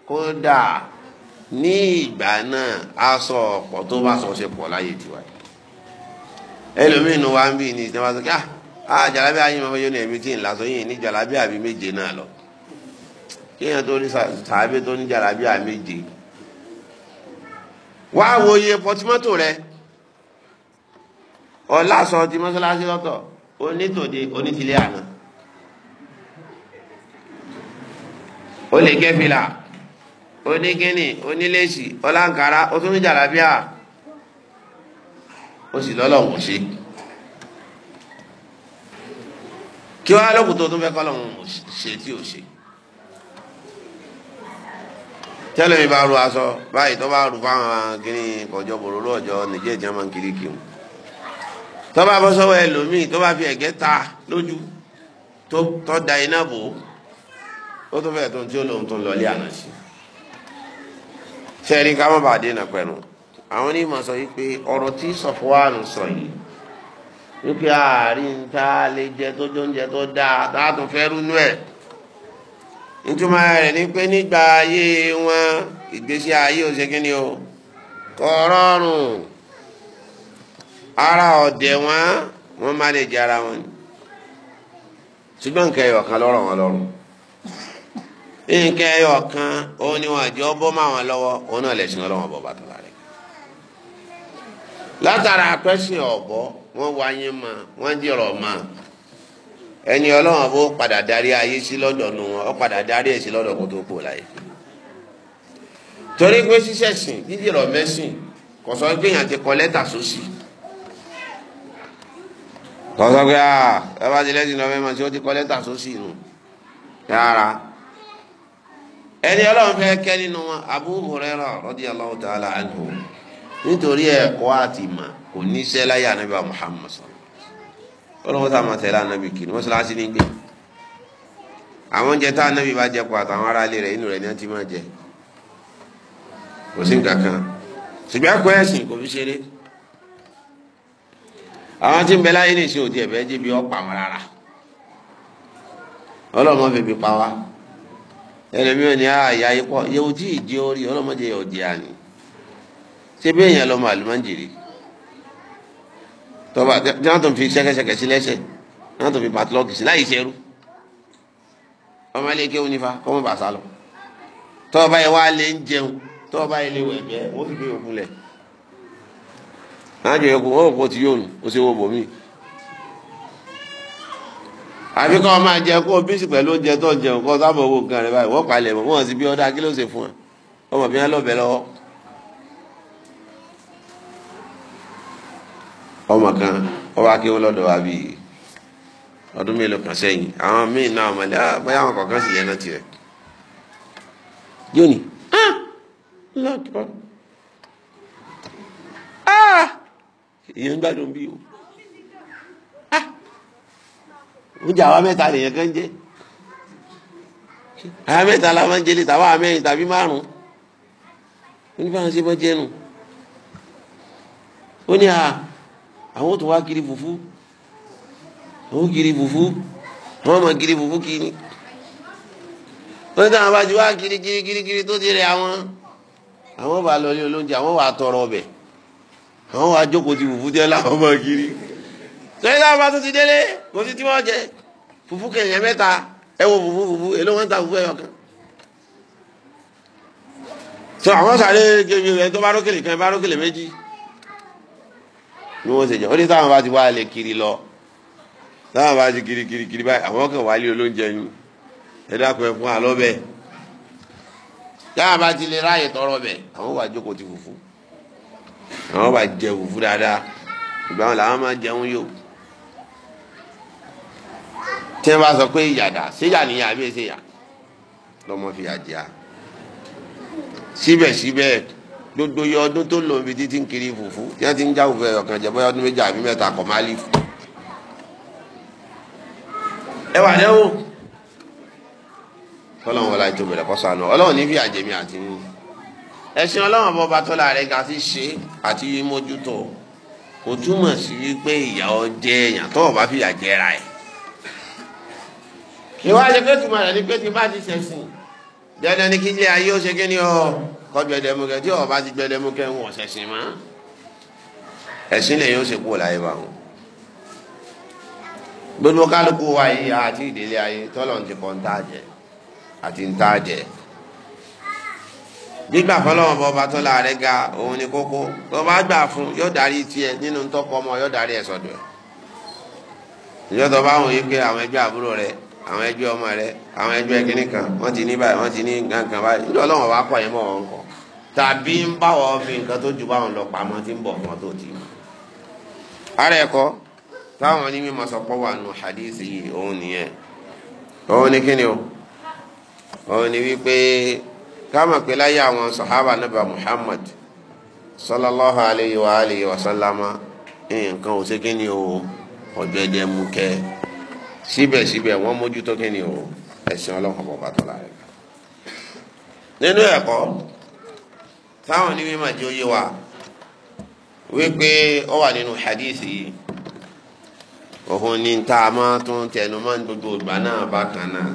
kódà ní ìgbà náà aṣọ ọ̀pọ̀ tó bá sọ ṣe pọ̀ láyé tiwa ẹlòmínú wa ń bì ní ìsinmi wa sọ kí á ah, ah, jàlábí ayé máa fẹ́ yóò ní ẹ̀mí tí ń lásán yìí ní jàlábí àbí méje náà lọ kéèyàn tó ní sàábé tó ní jàlábí àbí méje wá wo iye pọtimọ́tò rẹ ọ̀làsọ ti mọ́sálásí lọ́tọ̀ onítòde onítìlẹ̀ àná o lè gẹ́ fìlà oníkíní oníléèsì ọláǹkárá ó tún ní jàlábíà ó sì lọ́lọ́wọ́ ṣe kí wàá lókun tó tún fẹ́ kọ́ lọ́wọ́ ṣe tí ò ṣe tẹ́lẹ̀ mi bá ru aṣọ báyìí tó bá ru fáwọn kìíní kọjọ bòròrò ọjọ́ nìjẹ́ ìjẹun máa ń kiri kiri tó bá bọ́ sọ́wọ́ ẹlòmíì tó bá fi ẹ̀gẹ́ ta lójú tó da iná bò ó tó fẹ́ tó tí ó lóun tó lọ ilé àná sí i sẹ́ẹ̀rí ká má bàa dènà pẹ̀lú àwọn onímọ̀ sọ yìí pé ọ̀rọ̀ tí sọ̀fọ́wánù sọ yìí wípé àárín tá a lè jẹ tó oúnjẹ tó dáa tá a tún ẹ̀ ìtumọ̀ rẹ̀ ni pé nígbà ayé wọn ìgbésí ayé ò ṣe kíni o kọ́ ara ọ̀dẹ̀ wọn wọ́n má lè jẹ ara wọn ṣùgbọ́n nǹkan ẹ̀yọ̀ kan lọ́rọ̀ wọn lọ́rùn. nke ẹyọ kan òun ni wọn àjọ bọ́ mọ́ àwọn lọ́wọ́ òun náà lè látara pẹ́sìn ọ̀bọ wọ́n wáyé mọ́ wọ́n jẹ̀rọ̀ mọ́ ẹni ọlọ́wọ́n bó padà darí ayé sí nù wọn ó padà darí lọ́dọ̀ kó tó kú láyé. torí pé ṣíṣẹ̀sìn jíjẹ̀rọ̀ mẹ́sìn kò sọ pé ti kọ sósì. kò sọ pé ah, ẹ ti ẹni ọlọ́run fẹ́ kẹ́ nínú wọn Abu Hurairah radiyallahu ta'ala anhu nítorí ẹ̀kọ́ àti ìmọ̀ kò níṣẹ́ láyé ànábì Muhammad sọ̀rọ̀ ọlọ́run tá a máa tẹ̀lé ànábì kì ní gbé àwọn oúnjẹ tá ànábì bá jẹ àtàwọn ará ilé inú ni ti máa jẹ kò sí fi ṣeré àwọn tí ń bẹ láyé jẹ́ bí ọ̀pọ̀ àwọn ẹlẹ́mi ah, ò ní àyà ikọ́ yóò tí ì jẹ́ orí ọlọ́mọdé yóò jẹ́ àní ṣé bí èèyàn lọ́mọ àlùmọ́njìrì tọ́ba jonathan fi ṣẹ́kẹ́ṣẹkẹ̀ sí lẹ́sẹ̀ jonathan fi patlọ́ọ̀kì sí láì ṣerú ọmọ ilé kéwù nífa kọ́mọ bàṣà lọ tọ́ba yẹn wá lé ń jẹun tọ́ba yẹn lé wẹ̀gẹ́ wọ́n fi gbé òkú lẹ̀ láàjọ yẹn kó wọ́n kó ti yóò nù ó ṣe wọ́ bòmíì àbí kọ́ máa jẹ kó bísí pẹ̀lú oúnjẹ tó ń jẹun kọ́ sábà owó nǹkan rẹ báyìí wọ́n palẹ̀ mọ́ wọ́n sì bí ọ́dá kí ló ṣe fún ẹ ọmọ mi á lọ́bẹ̀ lọ́wọ́. ọmọ kan wọ́n wá kí wọ́n lọ́dọ̀ wá bíi ọdún mélòó kan sẹ́yìn àwọn míì náà ọmọlẹ́ ah, bóyá àwọn kọ̀ọ̀kan sì yẹn náà tiẹ̀. yóò ní ìyẹn ah, ah, ń gbádùn bí o. oúnjẹ àwa mẹ́ta nìyẹn kan jẹ́ àwa mẹ́ta la máa ń jẹ́lé tàwa mẹ́rin tàbí márùn-ún ó ní báwọn ṣe máa jẹnu ó ní àwọn tó wá kiri fùfú àwọn kiri fùfú àwọn ọmọ kiri fùfú kiri ó ní táwọn bá wá kiri kiri kiri kiri tó ti rẹ àwọn àwọn bá lọ ilé olóúnjẹ àwọn wà tọrọ ọbẹ̀ àwọn wà jókòó ti fùfú jẹ láwọn ọmọ kiri lẹ́yìn náà bá tún ti délé kò sí tí wọ́n jẹ fùfú kẹ̀yìn mẹ́ta ẹ wo fùfú fùfú èló wọn ta fùfú ẹyọ kan. sọ àwọn sáré gèmí rẹ tó bá rókèlè kan bá rókèlè méjì ni wọ́n ṣe jẹ ó ní táwọn bá ti wá lè kiri lọ táwọn bá ti kiri kiri kiri báyìí àwọn kan wà lé olóúnjẹ yín ẹ dákun ẹ fún wa lọ́bẹ̀ táwọn bá ti lè ráàyè tọrọ bẹ̀ àwọn wà jókòó ti fùfú àwọn wà jẹ fùfú dáadáa ìgbà wọn làwọn máa jẹun yóò tí wọ́n bá sọ pé ìyàdá síyà nìyà àbí ìsìyà lọ́mọ fi àjẹ́ à síbẹ̀síbẹ̀ gbogbo iye ọdún tó lò níbi títí ń kiri fùfú tí wọ́n ti ń já òfin ọ̀kan jẹ́ bóyá ọdún méjì àbí mẹ́ta kọ̀ má lè fún. ẹ wà lẹ́wọ̀ tọ́lọ́run wọlé àti tòbẹ̀rẹ̀ kọ́ sànù ọlọ́run ní fi àjẹmí àti mú ẹ̀sìn ọlọ́run bọ́ batọ́lá rẹ̀ ga sí ṣe àti mójútó kò túmọ̀ sí wípé ìyàwó jẹ́ èèyàn tó o bá fìyà jẹ́ra ẹ̀ ìwádìí pé tùmọ̀ rẹ̀ ni pé ti bá ti ṣẹ̀sìn dandan ni kí ilé ayé ó ṣe kí ni ọ kọ gbẹdẹmukẹ tí ọba ti gbẹdẹmukẹ ń wọ ṣẹ̀sìn mọ́ ẹ̀sìn lẹ́yìn ó ṣe kúrò láyé bá wọn gbogbo kálukú wa yìí àti ìdílé ayé tọ́lọ̀ ń ti kọ́ ń tá jẹ àti ń tá jẹ gbígbà fọlọ́wọ́n bọ́ ọba tọ́lá rẹ̀ ga òun ni kókó tó bá gbà fún yóò darí tiẹ̀ nínú tọkọ ọmọ yóò darí ẹ̀ sọ́dọ̀ ẹ̀ ìjọ́ bá wọn yí pé àwọn ẹgbẹ́ àbúrò rẹ̀ àwọn ẹgbẹ́ ọmọ rẹ àwọn ẹgbẹ́ kínní kan wọ́n ti ní báyìí wọ́n ti ní gangan báyìí yẹn wọn kọ. tàbí ń bá wọn fi nǹkan tó ju báwọn lọ pamọ́ tí ń bọ̀ fún ọ tó ti mọ̀. ara ẹ̀kọ́ táwọn wà nù hadithi yìí òun nìyẹn òun kíni o òun wípé káwọn pé láyé àwọn nàbà Muhammad nǹkan ò sí kíni o ọ̀gbẹ́dẹ̀ mú síbẹ̀síbẹ̀ wọ́n mójútó kí ni o ẹ̀sìn ọlọ́kàn bọ̀ bàtọ́ la rẹ̀. nínú ẹ̀kọ́ táwọn onímọ̀ tí ó yé wa wípé ó wà nínú hadith yìí òun ni tá a máa tún tẹnu mọ́ ní gbogbo ìgbà náà bákan náà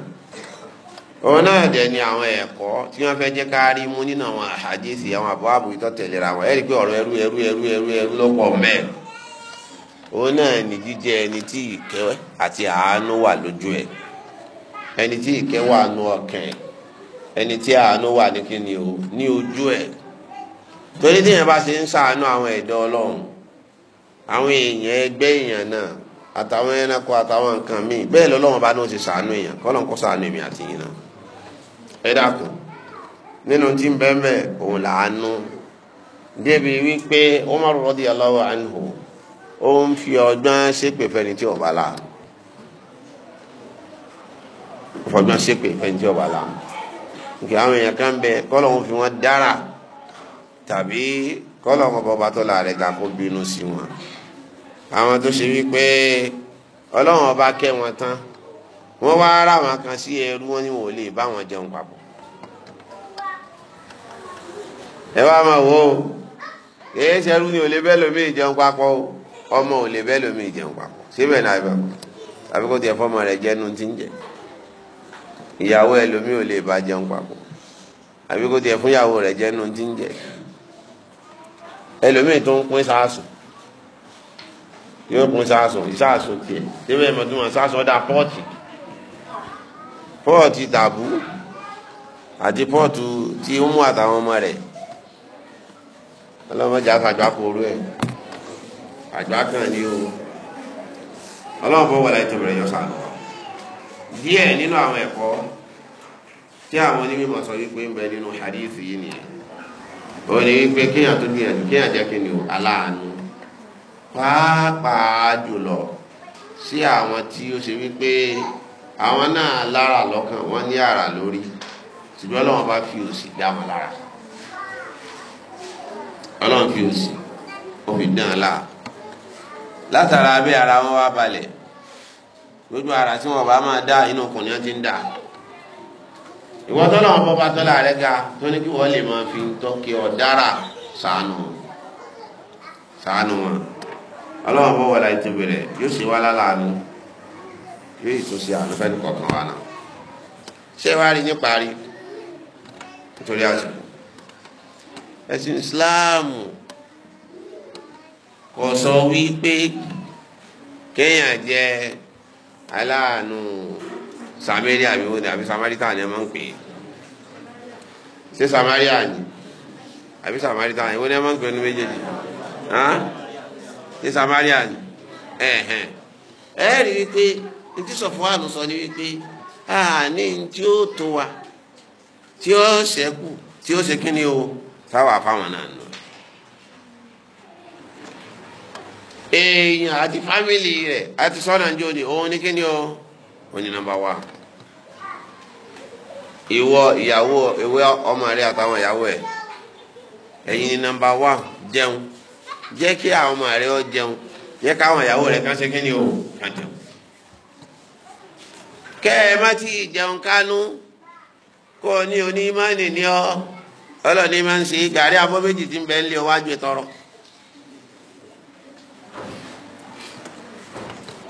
òun náà dẹ̀ ni àwọn ẹ̀kọ́ tí wọ́n fẹ́ jẹ́ ká rí mú nínú àwọn hadith àwọn àbọ̀ àbò ìtọ́tẹ̀lera wọn ẹ̀rí pé ọ̀rọ̀ ẹrú ẹrú ẹrú ẹrú ẹrú lọ́pọ̀ mẹ́rin òun náà ní jíjẹ ẹni tí ìkẹ́ àti àánú wà lójú ẹ̀ ẹni tí ìkẹ́ wà nú ọkàn ẹ̀ ẹni tí àánú wà ní kíni o ní ojú ẹ̀ torí tí èèyàn bá ṣe ń ṣàánú àwọn ẹ̀dá ọlọ́run àwọn èèyàn ẹgbẹ́ èèyàn náà àtàwọn ẹranko àtàwọn nǹkan míì bẹ́ẹ̀ lọ́lọ́run bá ní ó ti ṣàánú èèyàn kọ́lọ́n kó ṣàánú èmi àti yìí náà ẹ dákun nínú tí ń bẹ́ẹ̀ bẹ́ẹ̀ òun làánú débi wípé Umar radiyallahu anhu ó ń fi ọgbọ́n ṣépè fẹ́ni tí ọba la fọgbọ́n ṣépè fẹ́ni tí ọba la nkì àwọn èèyàn kan bẹ kọ́lọ̀ wọn fi wọn dára tàbí kọ́lọ̀ wọn bọba tó la rẹ̀ ga kó bínú sí wọn àwọn tó ṣe wípé ọlọ́run ọba kẹ́ wọn tán wọ́n wá ara wọn kan sí ẹrú wọn ni wọn ò lè bá wọn jẹun papọ̀ ẹ wá máa wò ó kì í ṣerú ni ò lè bẹ́ẹ̀ lómi ìjẹun papọ̀ o ọmọ ò lè bẹ́ẹ̀ lómi ìjẹun papọ̀ síbẹ̀ náà ibà àbí kò tiẹ̀ fọmọ rẹ̀ jẹ́nu ti ń jẹ ìyàwó ẹ lómi ò lè bá jẹun papọ̀ àbí kò tiẹ̀ fún ìyàwó rẹ̀ jẹ́nu ti ń jẹ ẹ lómi tó ń pín sáàsùn yóò pín sáàsùn ìsáàsùn tiẹ̀ síbẹ̀ mọ̀ tó mọ̀ sáàsùn ọ̀dà pọ́ọ̀tì pọ́ọ̀tì tàbú àti pọ́ọ̀tù tí ó mú àtàwọn ọmọ rẹ̀ ọlọ́mọdé àfàjọ àpò orú ẹ̀ àjọ kan ni o ọlọ́run bọ́ wọlé ìtòmìrì yọ sànù wa díẹ̀ nínú àwọn ẹ̀kọ́ tí àwọn onímọ̀ sọ wípé ń bẹ nínú hadith yìí nìyẹn ó ní wípé kéèyàn tó gbìyànjú kéèyàn jẹ́ kí ni o aláàánú pàápàá jùlọ sí àwọn tí ó ṣe wípé àwọn náà lára lọ́kàn wọ́n ní àrà lórí ṣùgbọ́n ọlọ́run bá fi òṣì dá wọn lára ọlọ́run fi òṣì ó fi dán an láà látara abẹ́ ara wọn wá balẹ̀ gbogbo ara tí wọn bá máa dá inú ọkùnrin wọn ti ń dà ìwọ tọ́lá wọn bọ́ba tọ́lá rẹ ga tó ní kí wọ́n lè máa fi tọ́kì ọ̀dára sànù sànù wọn ọlọ́wọ́n bọ́ wọlé ìtòbí rẹ yóò ṣe wá lálàánú yóò ìtúnṣe àlùfẹ́ni kọ̀ọ̀kan wa náà ṣé wàá rí níparí nítorí àsìkò ẹ̀sìn Islam kò sọ wípé kéèyàn jẹ aláàánú samari àbí wọ́n àbí samarita ni wọ́n máa ń pè é ṣé samaria ni àbí samarita ni wọ́n ni wọ́n máa ń pè é ní méjèèjì ṣé samaria ni ẹ rí wípé ntí sọfúnwánù sọ ni wípé àní tí ó tó wa tí ó ṣẹ́kù tí ó ṣe kíni o táwa fáwọn náà nù. èèyàn àti fámìlì rẹ̀ àti sọ́nà jò ni òun ní kíni o òun ní nọ́mbà wa ìwọ ìyàwó ìwé ọmọ rẹ àtàwọn ìyàwó ẹ ẹ̀yin ní nọ́mbà wa jẹun jẹ́ kí àwọn ọmọ rẹ ó jẹun jẹ́ káwọn ìyàwó rẹ kàn ṣe kíni o kàn jẹun kẹ ẹ má ti jẹun kánú kó o ní onímọ̀ nìní ọ ọlọ́ọ̀ni máa ń ṣe gàrí abọ́ méjì tí ń bẹ ń lé ọ wájú ìtọ́rọ̀.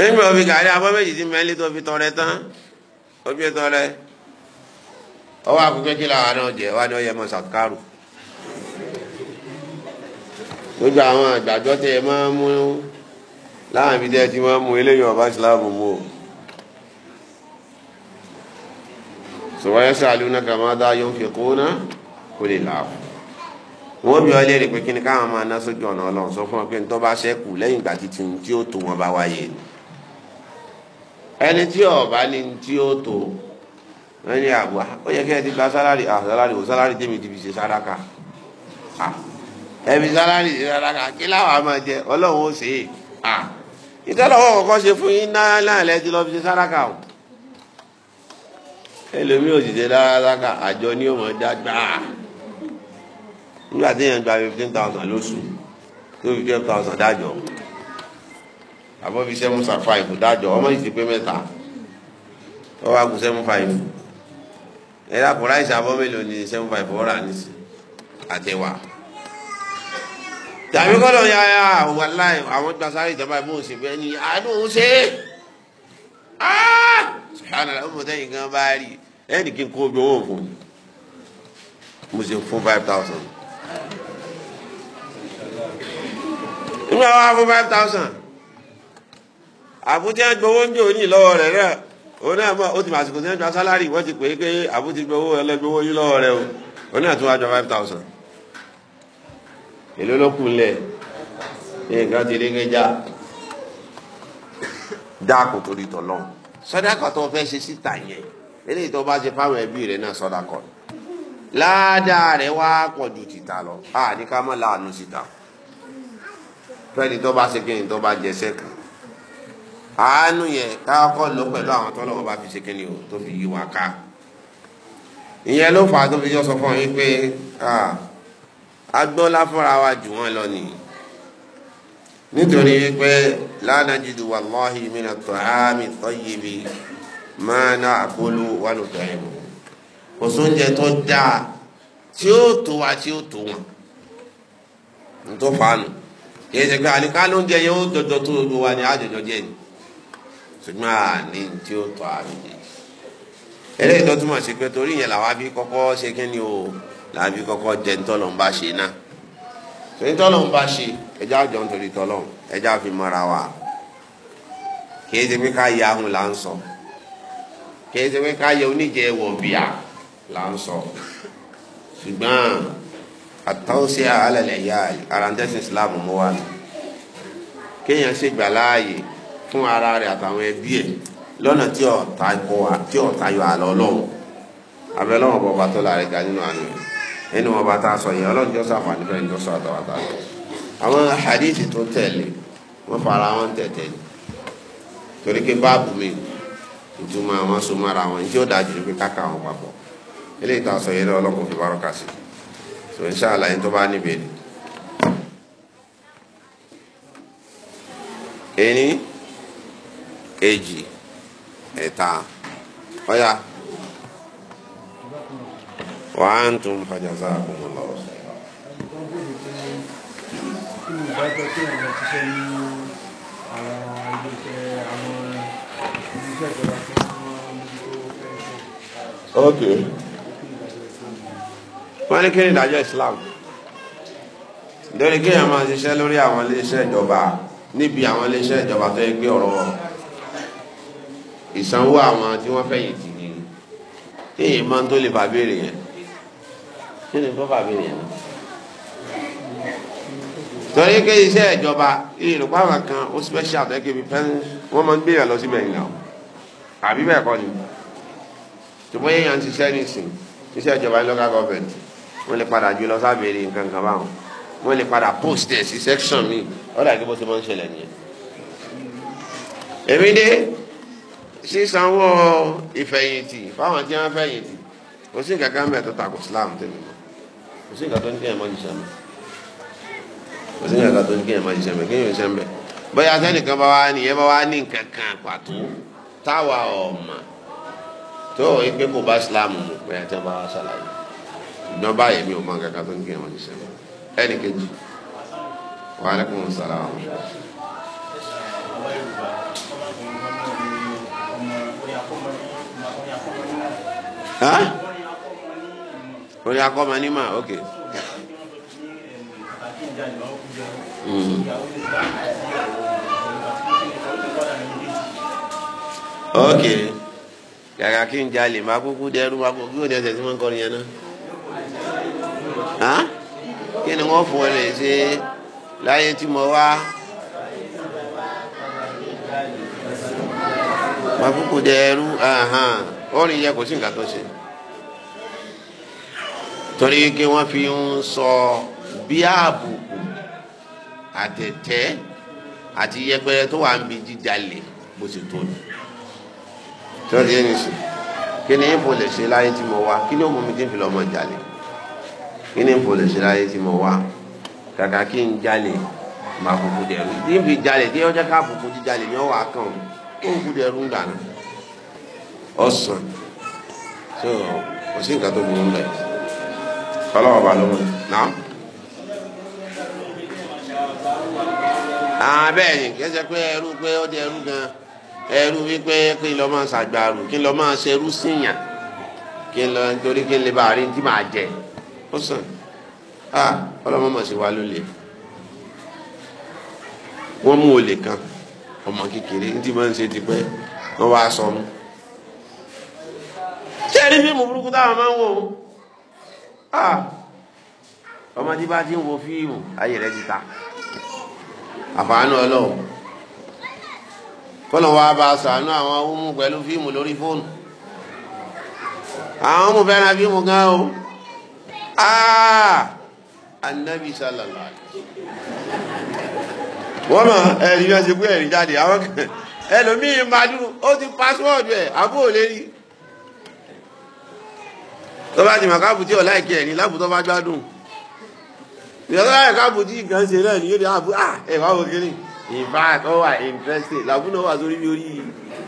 ẹnìmọ̀ fi gàrí abọ́ méjì tí mẹ́lí tó fi tọrẹ tán ó gbé tọrẹ ọwọ́ àkókò kí làwọn náà jẹ wá ní ọyẹ mọ sàkárù gbogbo àwọn àgbàjọ tẹ ẹ máa ń mú láwọn ibi tẹ ẹ ti máa ń mú eléyìí ọba ìsìláàmù mú o sọwọ́ yẹn sàlùnà kàmáda yóò fi kóná kó lè làwọn wọ́n bí ọlẹ́rìí pé kí ni káwọn máa ná sójú ọ̀nà ọlọ́run sọ fún ọ pé ní tó bá ṣẹ́kù lẹ́yìn ìgbà títí tí ó tó wọn bá wáyé ni ẹni tí ọba ní tí ó tó wọn ní àbúrò ó yẹ kí ẹ ti gba sálárì à ah, sálárì ò sálárì tèmi ti fi ṣe sàdáká à ah, ẹbí sálárì ṣe sàdáká kí láwọn a máa jẹ ọlọ́run ó ṣe é à ah, ìtọ́lọ́wọ́ kọ̀ọ̀kan ṣe fún yín náà náà lẹ́ẹ̀tì lọ́ọ́ fi ṣe sàdáká o ẹlòmíì ò sì ṣe sàdáká àjọ ni ó mọ̀ dágbà nígbà tí èèyàn gba fifteen thousand lóṣù tó fifteen thousand dájọ́ àbọ̀ fi seven sa five dájọ́ ọmọ yìí ti pé mẹ́ta wọ́n wá kù seven five ẹ dákun ráìsì àbọ̀ mélòó ni seven five ọ̀rà nísì àtẹwà tàbí kọ́lọ̀ ya ya àwọn aláì àwọn gba sáré ìjọba ìbò òsè bẹ́ẹ̀ ni àánú òun ṣe é ah! subhanallah ó mọ̀ sẹ́yìn gan bá rí ẹnì kí n kó omi owó fún mo ṣe fún five thousand. nígbà wàá fún five thousand àbútí ẹ gbowó ń jò ní lọ́wọ́ rẹ̀ náà òun náà mọ̀ ó ti mọ̀ àsìkò tí wọ́n gba sálárì wọ́n ti pè é pé àbútí gbowó ẹlẹ́gbowó yín lọ́wọ́ rẹ̀ o òun náà tún wá jọ five thousand. èló ló kún lẹ̀ nǹkan ti lé gẹ́jà dá kò torí tọ̀ lọ́n sọ́dákọ̀ tó fẹ́ ṣe síta yẹn eléyìí tó bá ṣe fáwọn ẹbí rẹ̀ náà sọ́dákọ̀ ládàá rẹ̀ wá pọ̀ ju tìta lọ àdìkámọ́ láàánú síta fẹ́ni tó bá ṣe kí ni tó bá jẹ sẹ́kàn àánú yẹn káàkọ́ lò pẹ̀lú àwọn tó lọ́wọ́ bá fi ṣe kíni o tó fi yí wọn ká ìyẹn ló fà á tó fi yọ sọ fún yín pé wa jù wọ́n lọ nìyí nítorí pé la wa nut'imu kò sóúnjẹ tó dáa tí ó tó wa tí ó tó wọn ṣe pé yẹn wa ni àjọjọ jẹ ni. ṣùgbọ́n àní tí ó tọ́ àbíyè eléyìí tó túmọ̀ sí pé torí yẹn làwọn abí kọ́kọ́ ṣe kí ni o làwọn abí kọ́kọ́ jẹ ntọ́lọ̀ ń bá ṣe náà torí tọ́lọ̀ ń bá ṣe ẹjọ́ àjọ nítorí tọ́lọ̀ ẹjọ́ àfi mọ́ra wa kì í ṣe pé ká yẹ ahun là ń sọ kì í ṣe pé ká yẹ oníjẹ wọ̀ bíà là ń sọ ṣùgbọ́n àtọ́sí àhálẹ̀ lẹ́yà ara Islam mú kéèyàn ṣègbà láàyè. fún ara rẹ̀ àtàwọn ẹbí ẹ̀ lọ́nà tí ọ̀tá tí ọ̀tá yọ àlọ́ ọlọ́run abẹ́lọ́run bọ̀ bá tó la ga nínú àná rẹ̀ tá a sọ yẹn ọlọ́run jọ́ sáfà àtàwàtà àwọn tó tẹ̀lé fara wọn tẹ̀tẹ̀ torí pé báàbù mi ìtumọ̀ àwọn wọn tí ó a sọ yẹn lọ́kùn fi tó eji taa ọya wa antum fajazakumullahu ok wọ́n ní kí ni ìdájọ́ Islam lórí kí lórí àwọn ìjọba níbi àwọn ìjọba tó yẹ ọ̀rọ̀ ìsanwó àwọn tí wọ́n fẹ̀yìntì ni téèyàn máa ń tó lè fàbéèrè yẹn kí ni tó fàbéèrè yẹn torí pé iṣẹ́ ìjọba ìrùpá àwọn kan ó special tó yẹ kí wọ́n máa ń gbé yàn lọ síbẹ̀ yìí náà àbí bẹ́ẹ̀ kọ́ ni ṣùgbọ́n yéèyàn ń ṣiṣẹ́ nísìn iṣẹ́ ìjọba ní local government wọ́n lè padà jù lọ sábẹ́rẹ́ nǹkan kan báwọn wọ́n lè padà post ẹ̀ sí section mi ọ̀dà kí bó ṣe máa ń ṣẹlẹ̀ nìyẹn. èmi dé sísanwó ìfẹ̀yìntì fáwọn tí wọ́n fẹ̀yìntì kò sí nǹkan kan bẹ́ẹ̀ tó takò Islam tẹ̀lé mọ́ kò sí nǹkan tó ní kéèyàn má ṣiṣẹ́ mẹ́ kò sí nǹkan tó ní kéèyàn má ṣiṣẹ́ mẹ́ kéèyàn ṣiṣẹ́ mẹ́ bóyá sẹ́nìkan bá wá nìyẹn bá wá ní nǹkan kan pàtó táwa ọ̀mà tó ìgbé kò bá Islam mu bóyá tí wọ́n bá wá ṣàlàyé ìgbọ́n báyìí ò mọ nǹkan kan tó ní kéèyàn má ṣiṣẹ́ mẹ́ ẹnì orin akọ́mọ ní mà ok. Hmm. ok yàrá kí n jalè má kúkú dẹrú má kúkú kí ni ọ̀sẹ̀ tí wọ́n ń kọrin náà kí ni wọ́n fún ẹ lè ṣe láyé tí mo wá àkókò jẹ ẹrú ọrìn yẹ kò sí nǹkan tó ṣe torí kí wọ́n fi ń sọ bí àbùkù àtẹ̀tẹ̀ àti yẹpẹrẹ tó wà ń bi jíjalè bó ṣe tó ni tọ́jú yẹn nìṣẹ́ kí ni yín fò lè ṣe láyé tí mo wá kí ni òun mi ti fi lọ́mọ jalè kí ni yín lè ṣe láyé tí mo wá kàkà kí n jalè màá kúkú dẹrù yín fi jalè kí ọjọ́ ká kúkú jíjalè ni ó wà kàn oògùn dẹ̀ ẹ̀rù ń gbà náà ọ̀sán so kò sí nǹkan tó burú ń bẹ̀ ọlọ́wọ́ bá lọ́wọ́ náà. Ah, bẹ́ẹ̀ ni kẹsẹ̀ pé ẹrú pé ó di ẹrú gan ẹrú wípé kí n lọ máa ṣàgbàrù kí n lọ máa ṣerú síyàn kí n lọ nítorí kí n lè bá a rí tí màá jẹ ó sàn á ah, ọlọ́mọ mọ̀ sí wa ló lè wọ́n mú olè kan ọmọ kékeré ní ti máa ń ṣe ti pẹ́ wọ́n wá sọ mu. ṣé ẹni fíìmù burúkú táwọn máa ń wò ó ọmọdé bá ti ń wo fíìmù ayé rẹ ti ta àfààní ọlọ́run kọ́nà wa bá sànú àwọn ohun pẹ̀lú fíìmù lórí fóònù àwọn ọmọ fẹ́ràn fíìmù gan o anabi sallallahu alaihi wasallam wọ́n mọ̀ ẹ̀rí bí wọ́n ṣe gbé ẹ̀rí jáde àwọn ẹlòmíì máa dúró ó ti pásíwọ́ọ̀dù ẹ̀ àbó ò lè rí tó bá ti mọ̀ káàbù tí ọ̀la ìkẹ́ ẹ̀rí láàbù tó bá gbádùn ìyọ́tọ́ láyẹ̀ káàbù tí ìgbà ń ṣe náà ni yóò dé àbú à ẹ̀ wá wọ kiri ìbá tó wà interested làbú náà wà sórí bí orí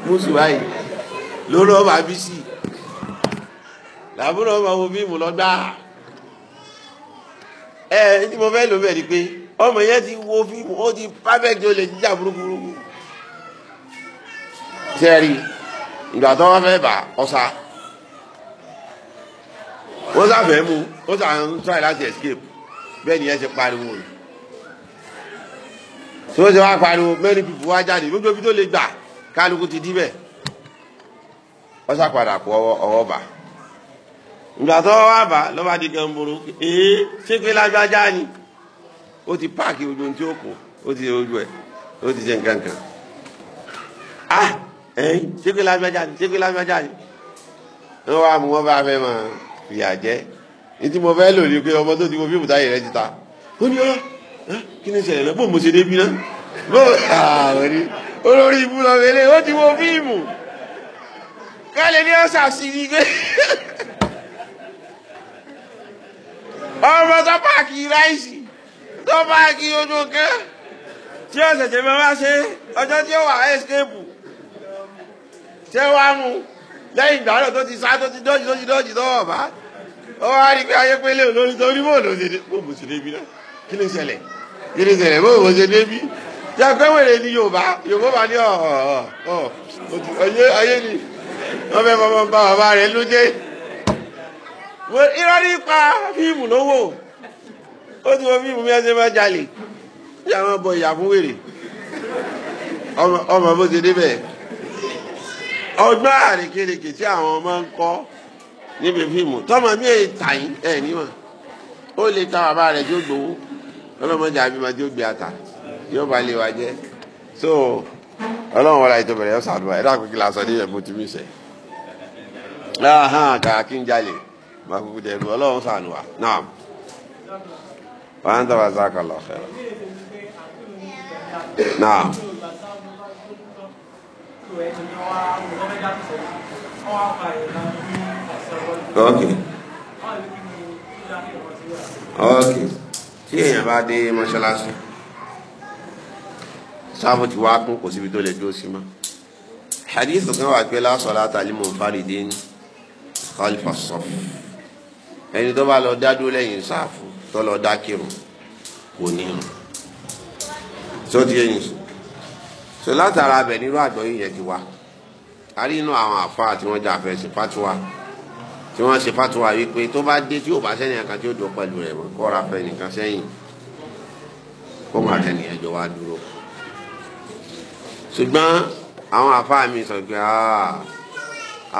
mùsùlùmí báyìí lórí ọba bísí làbú náà wà wọ bíìmù lọ́gbà ẹ̀ ẹ̀ ní mo fẹ́ lò bẹ́ẹ̀ ni pé ọmọ yẹn ti wo fíìmù ó ti perfect ó lè jíjà burúkú sẹ́ẹ̀rì ìgbà tó wọ́n fẹ́ bà ọ̀sà ó sàfẹ́ mu ó sà try láti escape bẹ́ẹ̀ ni ẹ ṣe pariwo tí ó ti wá pariwo many people wá jáde gbogbo ibi tó lè ti dí bẹ́ẹ̀ padà ọwọ́ bà ìgbà tó wọ́n wá bà lọ́ba di ee ṣé pé ó ti páàkì gbogbo ohun tí kù ó ti ojú ẹ ó ti ṣe nǹkan ah ẹyin ṣégbé lágbájá ni ṣégbé lágbájá ni wọn wá mú wọn bá fẹ́ máa fìyà jẹ mo fẹ́ lò ní pé ọmọ tó ti wo fíìmù táyé rẹ ti ta ó ní ọ ah! ah! kí ni ìṣẹ̀lẹ̀ náà bó mo ṣe débi náà bó àwọn ah, ni olórí ibú lọ wẹlé ó ti wo fíìmù kálẹ̀ ní ọ̀sà sí gbé ọmọ tó páàkì ráìsì tó bá kí ojú kẹ́ tí ó ṣẹ̀ṣẹ̀ máa wá ṣe ọjọ́ tí ó wà ẹ́skéèpù ṣé wá mu lẹ́yìn ìgbà náà tó ti sá tó ti dọ́jì tó ti dọ́jì tó wọ̀ bá ó wá rí pé ayé pélé olórí tó rí mọ́ọ̀dọ́ ṣe dé bó mo ṣe débi náà kí ló ṣẹlẹ̀ kí ló ṣẹlẹ̀ bó mo ṣe débi tí a pé wèrè ni Yorùbá Yorùbá ní ọ̀ọ́ ọ̀yé ayé ni wọ́n fẹ́ fọmọ bá bàbá rẹ̀ lóde ìrọ́lípa fíìmù lówó ó ti wọ fíìmù bí wọ́n ṣe máa jalè bí àwọn ọbọ ìyá fún wèrè ọmọ bó ti débẹ̀ ọgbọ́n àrékèrèkè tí àwọn ọmọ ń kọ́ níbi fíìmù tọ́mọ mi èyí tà yín ẹ̀ níwọ̀n ó lè ta bàbá rẹ̀ tí ó gbowó ọlọ́mọdé àbí máa tí ó gbé ata yóò bá lè wá jẹ́ so ọlọ́run wọlé àìtó bẹ̀rẹ̀ ọ̀sán àdúrà ẹ̀dá àkókò làásán ní ẹ̀mú tí mi sẹ̀ kàkí ń jalè máa kúkú dẹ̀rù ọlọ́run ṣàánú wa náà wọ́n tọ́ wàá sáà kọlọ̀ ọ̀fẹ́ rẹ̀. náà. ok ok tí èèyàn bá dé mọ́ṣáláṣí sáfù tí wàá kún kò síbi tó lè dúró sí mọ́ hadith kan wà pé la salata li tọ́lọ dákìrùn kò ní irun tó ti yẹn so látara abẹ nírú àgbọ́yé yẹn ti wá a rí inú àwọn àfáà tí wọ́n jà fẹ́ sí fatuwa tí wọ́n ṣe fatuwa wípé tó bá dé tí yóò bá sẹ́yìn kan tí yóò dùn pẹ̀lú rẹ̀ kọ́ra fẹ́ nìkan sẹ́yìn kó máa rẹ̀ nìyẹn jọ wá dúró ṣùgbọ́n àwọn àfáà mi sọ pé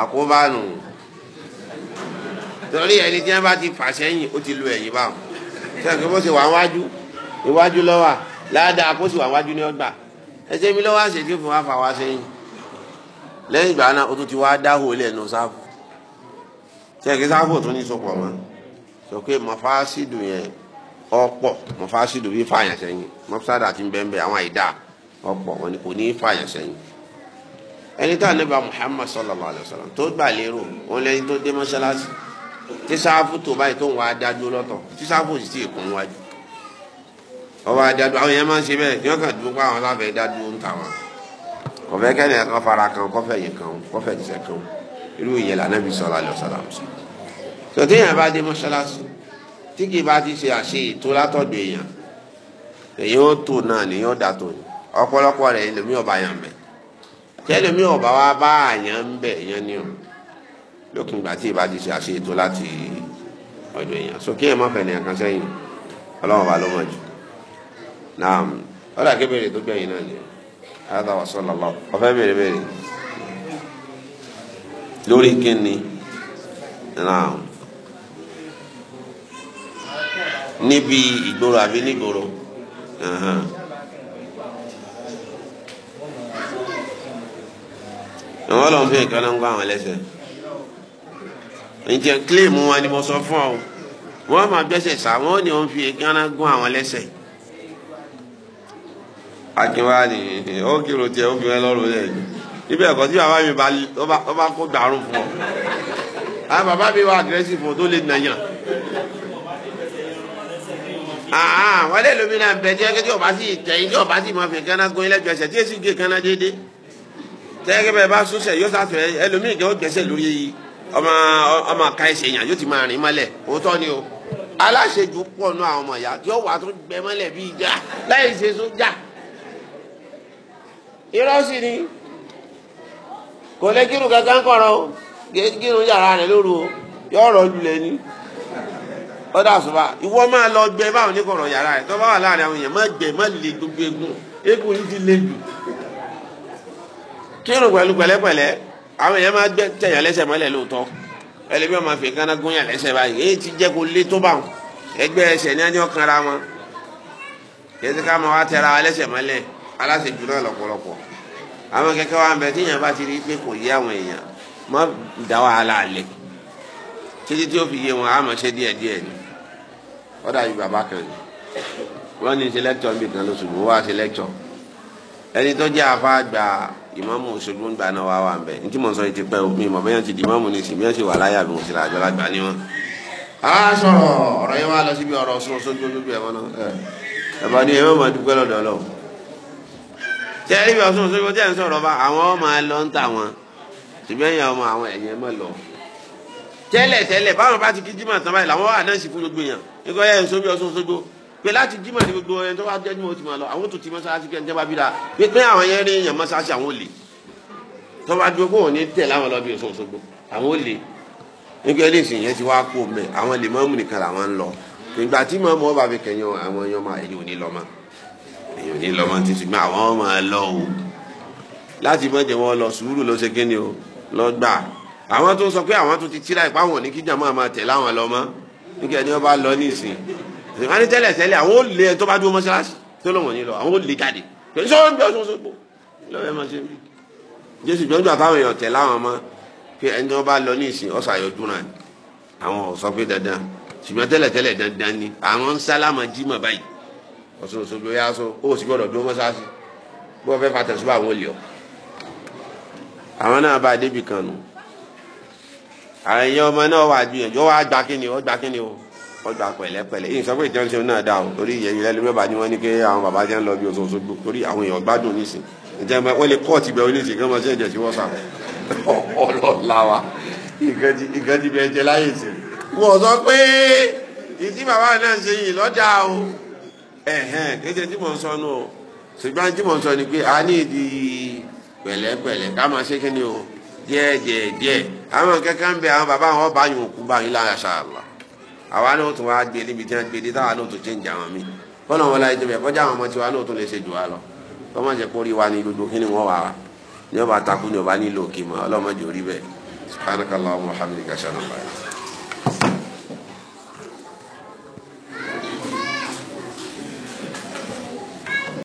àkóbánu torí ẹni tí wọ́n bá ti fà sẹ́yìn ó ti lu ẹ̀yìn báwọn sẹ́yìn kí wọ́n ṣe wà wájú iwájú lọ́wà ládàá kó sì wà wájú ní ọgbà ẹsẹ̀ mi lọ́wọ́ àṣẹ tí fún wa fà wá sẹ́yìn lẹ́yìn ìgbà náà o tún ti wá dáhù ilé ẹ̀nu sáfù sẹ́yìn kí sáfù tún ní sopọ̀ mọ́ sọ pé mọ̀fásídù yẹn ọ̀pọ̀ mọ̀fásídù bí fààyàn sẹ́yìn mọ̀fásádà ti ń bẹ́ẹ̀ bẹ́ẹ̀ àwọn àìdá ọ̀pọ̀ wọn kò ní fààyàn sẹ́yìn ẹni tá a níbà Muhammad sallallahu alayhi wa sallam tó gbà lérò òun lẹ́yìn tó dé mọ́ṣáláṣí tí sáfù tó báyìí tó ń wá adájú lọ́tọ̀ tí sáfù sì ti kún wájú ọba adájú àwọn yẹn máa ń ṣe bẹ́ẹ̀ tí wọ́n kàn dúró pé àwọn láfẹ̀ẹ́ dájú ń tà wọn kọfẹ́ kẹ́ni ẹ̀kan fara kan kọfẹ́ yìí kan kọfẹ́ tìṣẹ́ kan irú ìyẹn lànà bí sọlá lọ sọlá mùsùlùmí tòtí yẹn bá dé mọ́ṣáláṣí tí kì í bá ti ṣe àṣe ètò látọ̀dọ̀ èèyàn èyí ó tò náà ni yóò dà tó ni ọ̀pọ̀lọpọ̀ rẹ̀ ẹlòmíọ̀bá yàn bẹ̀ tẹ́lẹ̀míọ̀bá wa bá àyàn ń bẹ̀ yẹn ni o lókun ìgbà tí ìbá ti ṣe àṣeyẹtò láti ọ̀dọ̀ èèyàn so kí ẹ má fẹ́ nìyàn kan sẹ́yìn ọlọ́run bá ló mọ̀ jù naam ọ̀dà kébèrè tó gbẹ̀yìn náà ni ayọ́dà wà sọ́lá lọ ọ̀fẹ́ bèrè bèrè lórí kíni naam níbi ìgboro àbí nígboro àwọn ọlọ́run fi nǹkan ń gbọ́ àwọn ẹlẹ́sẹ̀ njẹ kílèmù wọn ni mo sọ fún ọ wọn máa gbẹ́sẹ̀ sá wọn ni wọn fi gánà gún àwọn lẹ́sẹ̀ akínwáàní ó kírò tiẹ̀ ó fi wọn lọ́rùn lẹ ibi ẹ̀kọ́ tí bàbá mi bá kó gbàrún fún ọ àwọn bàbá mi wà àgírẹ́sì fún ọ tó lè nàyàn wọ́n lè lómi náà bẹ̀ jẹ́ kí ọba sì tẹ̀yìn kí ọba sì máa fi gánà gún ilé gbẹ̀sẹ̀ tí èsì gé gánà déédéé tẹ́gẹ́ bẹ́ẹ̀ bá súnṣẹ̀ yóò sàtọ̀ ẹlòmíì gẹ́ ó gbẹ̀sẹ̀ lórí yìí. ọmọ ọmọ ká ẹsẹ yàn yóò ti máa rìn mọ́lẹ̀ òótọ́ ni o aláṣejù pọ̀ nù àwọn ọmọ ìyá tí ó wà tó gbẹ mọ́lẹ̀ bíi ga láì ṣe sójà ni kò lè kírun kankan kọrọ o yara yàrá rẹ̀ o yọ ni ọ̀dà àṣùbà ìwọ máa lọ gbẹ báwọn oníkọ̀rọ̀ yàrá rẹ̀ tó èèyàn má gbẹ má lè gbogbo egun egun yìí ti le jù kírun pẹ̀lú pẹ̀lẹ́pẹ̀lẹ́. àwọn èèyàn máa gbẹ tẹ̀yàn lẹ́sẹ̀ mọ́lẹ̀ lóòótọ́ ẹlẹ́bí ọmọ àfi kánná gúnyàn lẹ́sẹ̀ báyìí èyí ti jẹ́ kó lé tó bá wọn ẹgbẹ́ ẹsẹ̀ ní ẹni ọ̀kan ra wọn yẹtí ká máa wá tẹ̀ra wa lẹ́sẹ̀ mọ́lẹ̀ aláṣejù náà lọ́pọ̀lọpọ̀ àwọn kẹ̀kẹ́ wa ń bẹ tíyàn bá ti rí pé kò yí àwọn èèyàn mọ́ dá wàhálà lẹ̀ títí tí ó fi yé wọn àmọ́ ṣe díẹ̀díẹ̀ ni ó dàbí bàbá kan ni wọ́n ní ṣe lẹ́kítọ̀ lóṣù ìmáàmù òṣèlú ń gbaná wa wà nbẹ ntí mo sọ yìí ti pẹ́ omi ìmọ̀ bẹ́yàn ti di ìmáàmù ní ìsìn bẹ́yàn ti wà láyà bí mo ti làjọ lágbà ní wọn. a ọ̀rọ̀ yẹn wá lọ síbi ọ̀rọ̀ sọsọ dúdú ẹ mọnà ẹ ẹbá ni ẹ má máa dúpẹ́ lọ́dọ̀ lọ. tí ẹ níbi ọ̀sán òṣèlú tí ẹ ń sọ̀rọ̀ bá àwọn ọmọ lọ ń tà wọn ṣùgbọ́n ẹ̀yìn ọmọ àwọn ẹ̀yìn ẹ má lọ. tẹ́lẹ̀ tẹ́lẹ̀ báwọn bá ti kí jimá tán báyìí làwọn wà náà sì fún gbogbo èèyàn nígbà yẹn ń sọ pé láti jímọ̀ ní gbogbo ẹni tó bá jẹ́ jímọ̀ ó ti máa lọ àwọn tó ti mọ́ṣáláṣí kí ẹni tẹ́ bá bí dáa pé pé àwọn yẹn rí èèyàn mọ́ṣáláṣí àwọn olè tó bá dúró kó wọn ní tẹ̀ láwọn lọ́ọ́ bí Ọ̀ṣun Òṣogbo àwọn olè nígbà ilé ìsìn yẹn ti wá kó mẹ́ àwọn lè mọ́mù nìkan làwọn ń lọ ìgbà tí mọ́mù ọba fi kẹyìn àwọn èèyàn máa èyí ò ní lọ́mọ èyí ò ní lọ́mọ títí gbà wọ́n máa lọ o láti mọ̀jẹ̀ wọn lọ sùúrù ló ṣe kíni o lọ gbà àwọn tó sọ pé àwọn tó ti tíra ìpáwọn ní kíjà máa máa tẹ̀ láwọn lọ́mọ nígbà ẹni wọn bá lọ ní ìwádìí tẹ́lẹ̀ tẹ́lẹ̀ àwọn ò lé ẹ tó bá dúró mọ́ṣáláṣí tó lọ́wọ́ ní lọ àwọn ò lé jáde pẹ̀lú sọ́wọ́n bí ọ̀ṣun ṣogbo lọ́wọ́ ẹ máa ṣe bí. jésù gbọ́dọ̀ àtàwọn èèyàn tẹ̀ láwọn ọmọ pé ẹni tó bá lọ ní ìsìn ọ̀sà yọjú náà ni àwọn ò sọ pé dandan ṣùgbọ́n tẹ́lẹ̀ tẹ́lẹ̀ dandan ni àwọn ń sálámà jímọ̀ báyìí ọ̀ṣun ṣogbo yá sọ ó sì gbọ́dọ̀ dúró mọ́ṣáláṣí bí wọ́n fẹ́ fa tẹ̀síwá àwọn olè ọ̀ àwọn náà bá débi kan nù àwọn èèyàn ọmọ náà wà ó wà ọgbà pẹ̀lẹ́pẹ̀lẹ́ èyí sọ pé ìjọ ń ṣe náà dá o torí ìyẹn ìrẹ̀lẹ̀ lórí wọ́n ní pé àwọn bàbá jẹ́ ń lọ bí oṣooṣù torí àwọn èèyàn gbádùn wa ti jẹ láyé sí wọ́n sọ pé ìdí bàbá náà ṣe yìí lọ́jà o kéde tí mò ń sọ a ní ìdí pẹ̀lẹ́pẹ̀lẹ́ ká máa ni o bẹ àwọn bàbá báyìí láyà àwa náà tún wá gbé níbi tí wọn gbé dé táwa náà tún change àwọn míì kọ́nà wọn láyé tóbi ẹ̀kọ́jà àwọn ọmọ tiwa náà tún lè ṣe jù wá lọ tọ́mọ̀ jẹ́ kórìí wa ní gbogbo kí ni wọ́n wà wá ní ọba takú ní ọba nílò kí mọ́ ọlọ́mọdé orí bẹ́ẹ̀ subhanakallahumma wa hamdika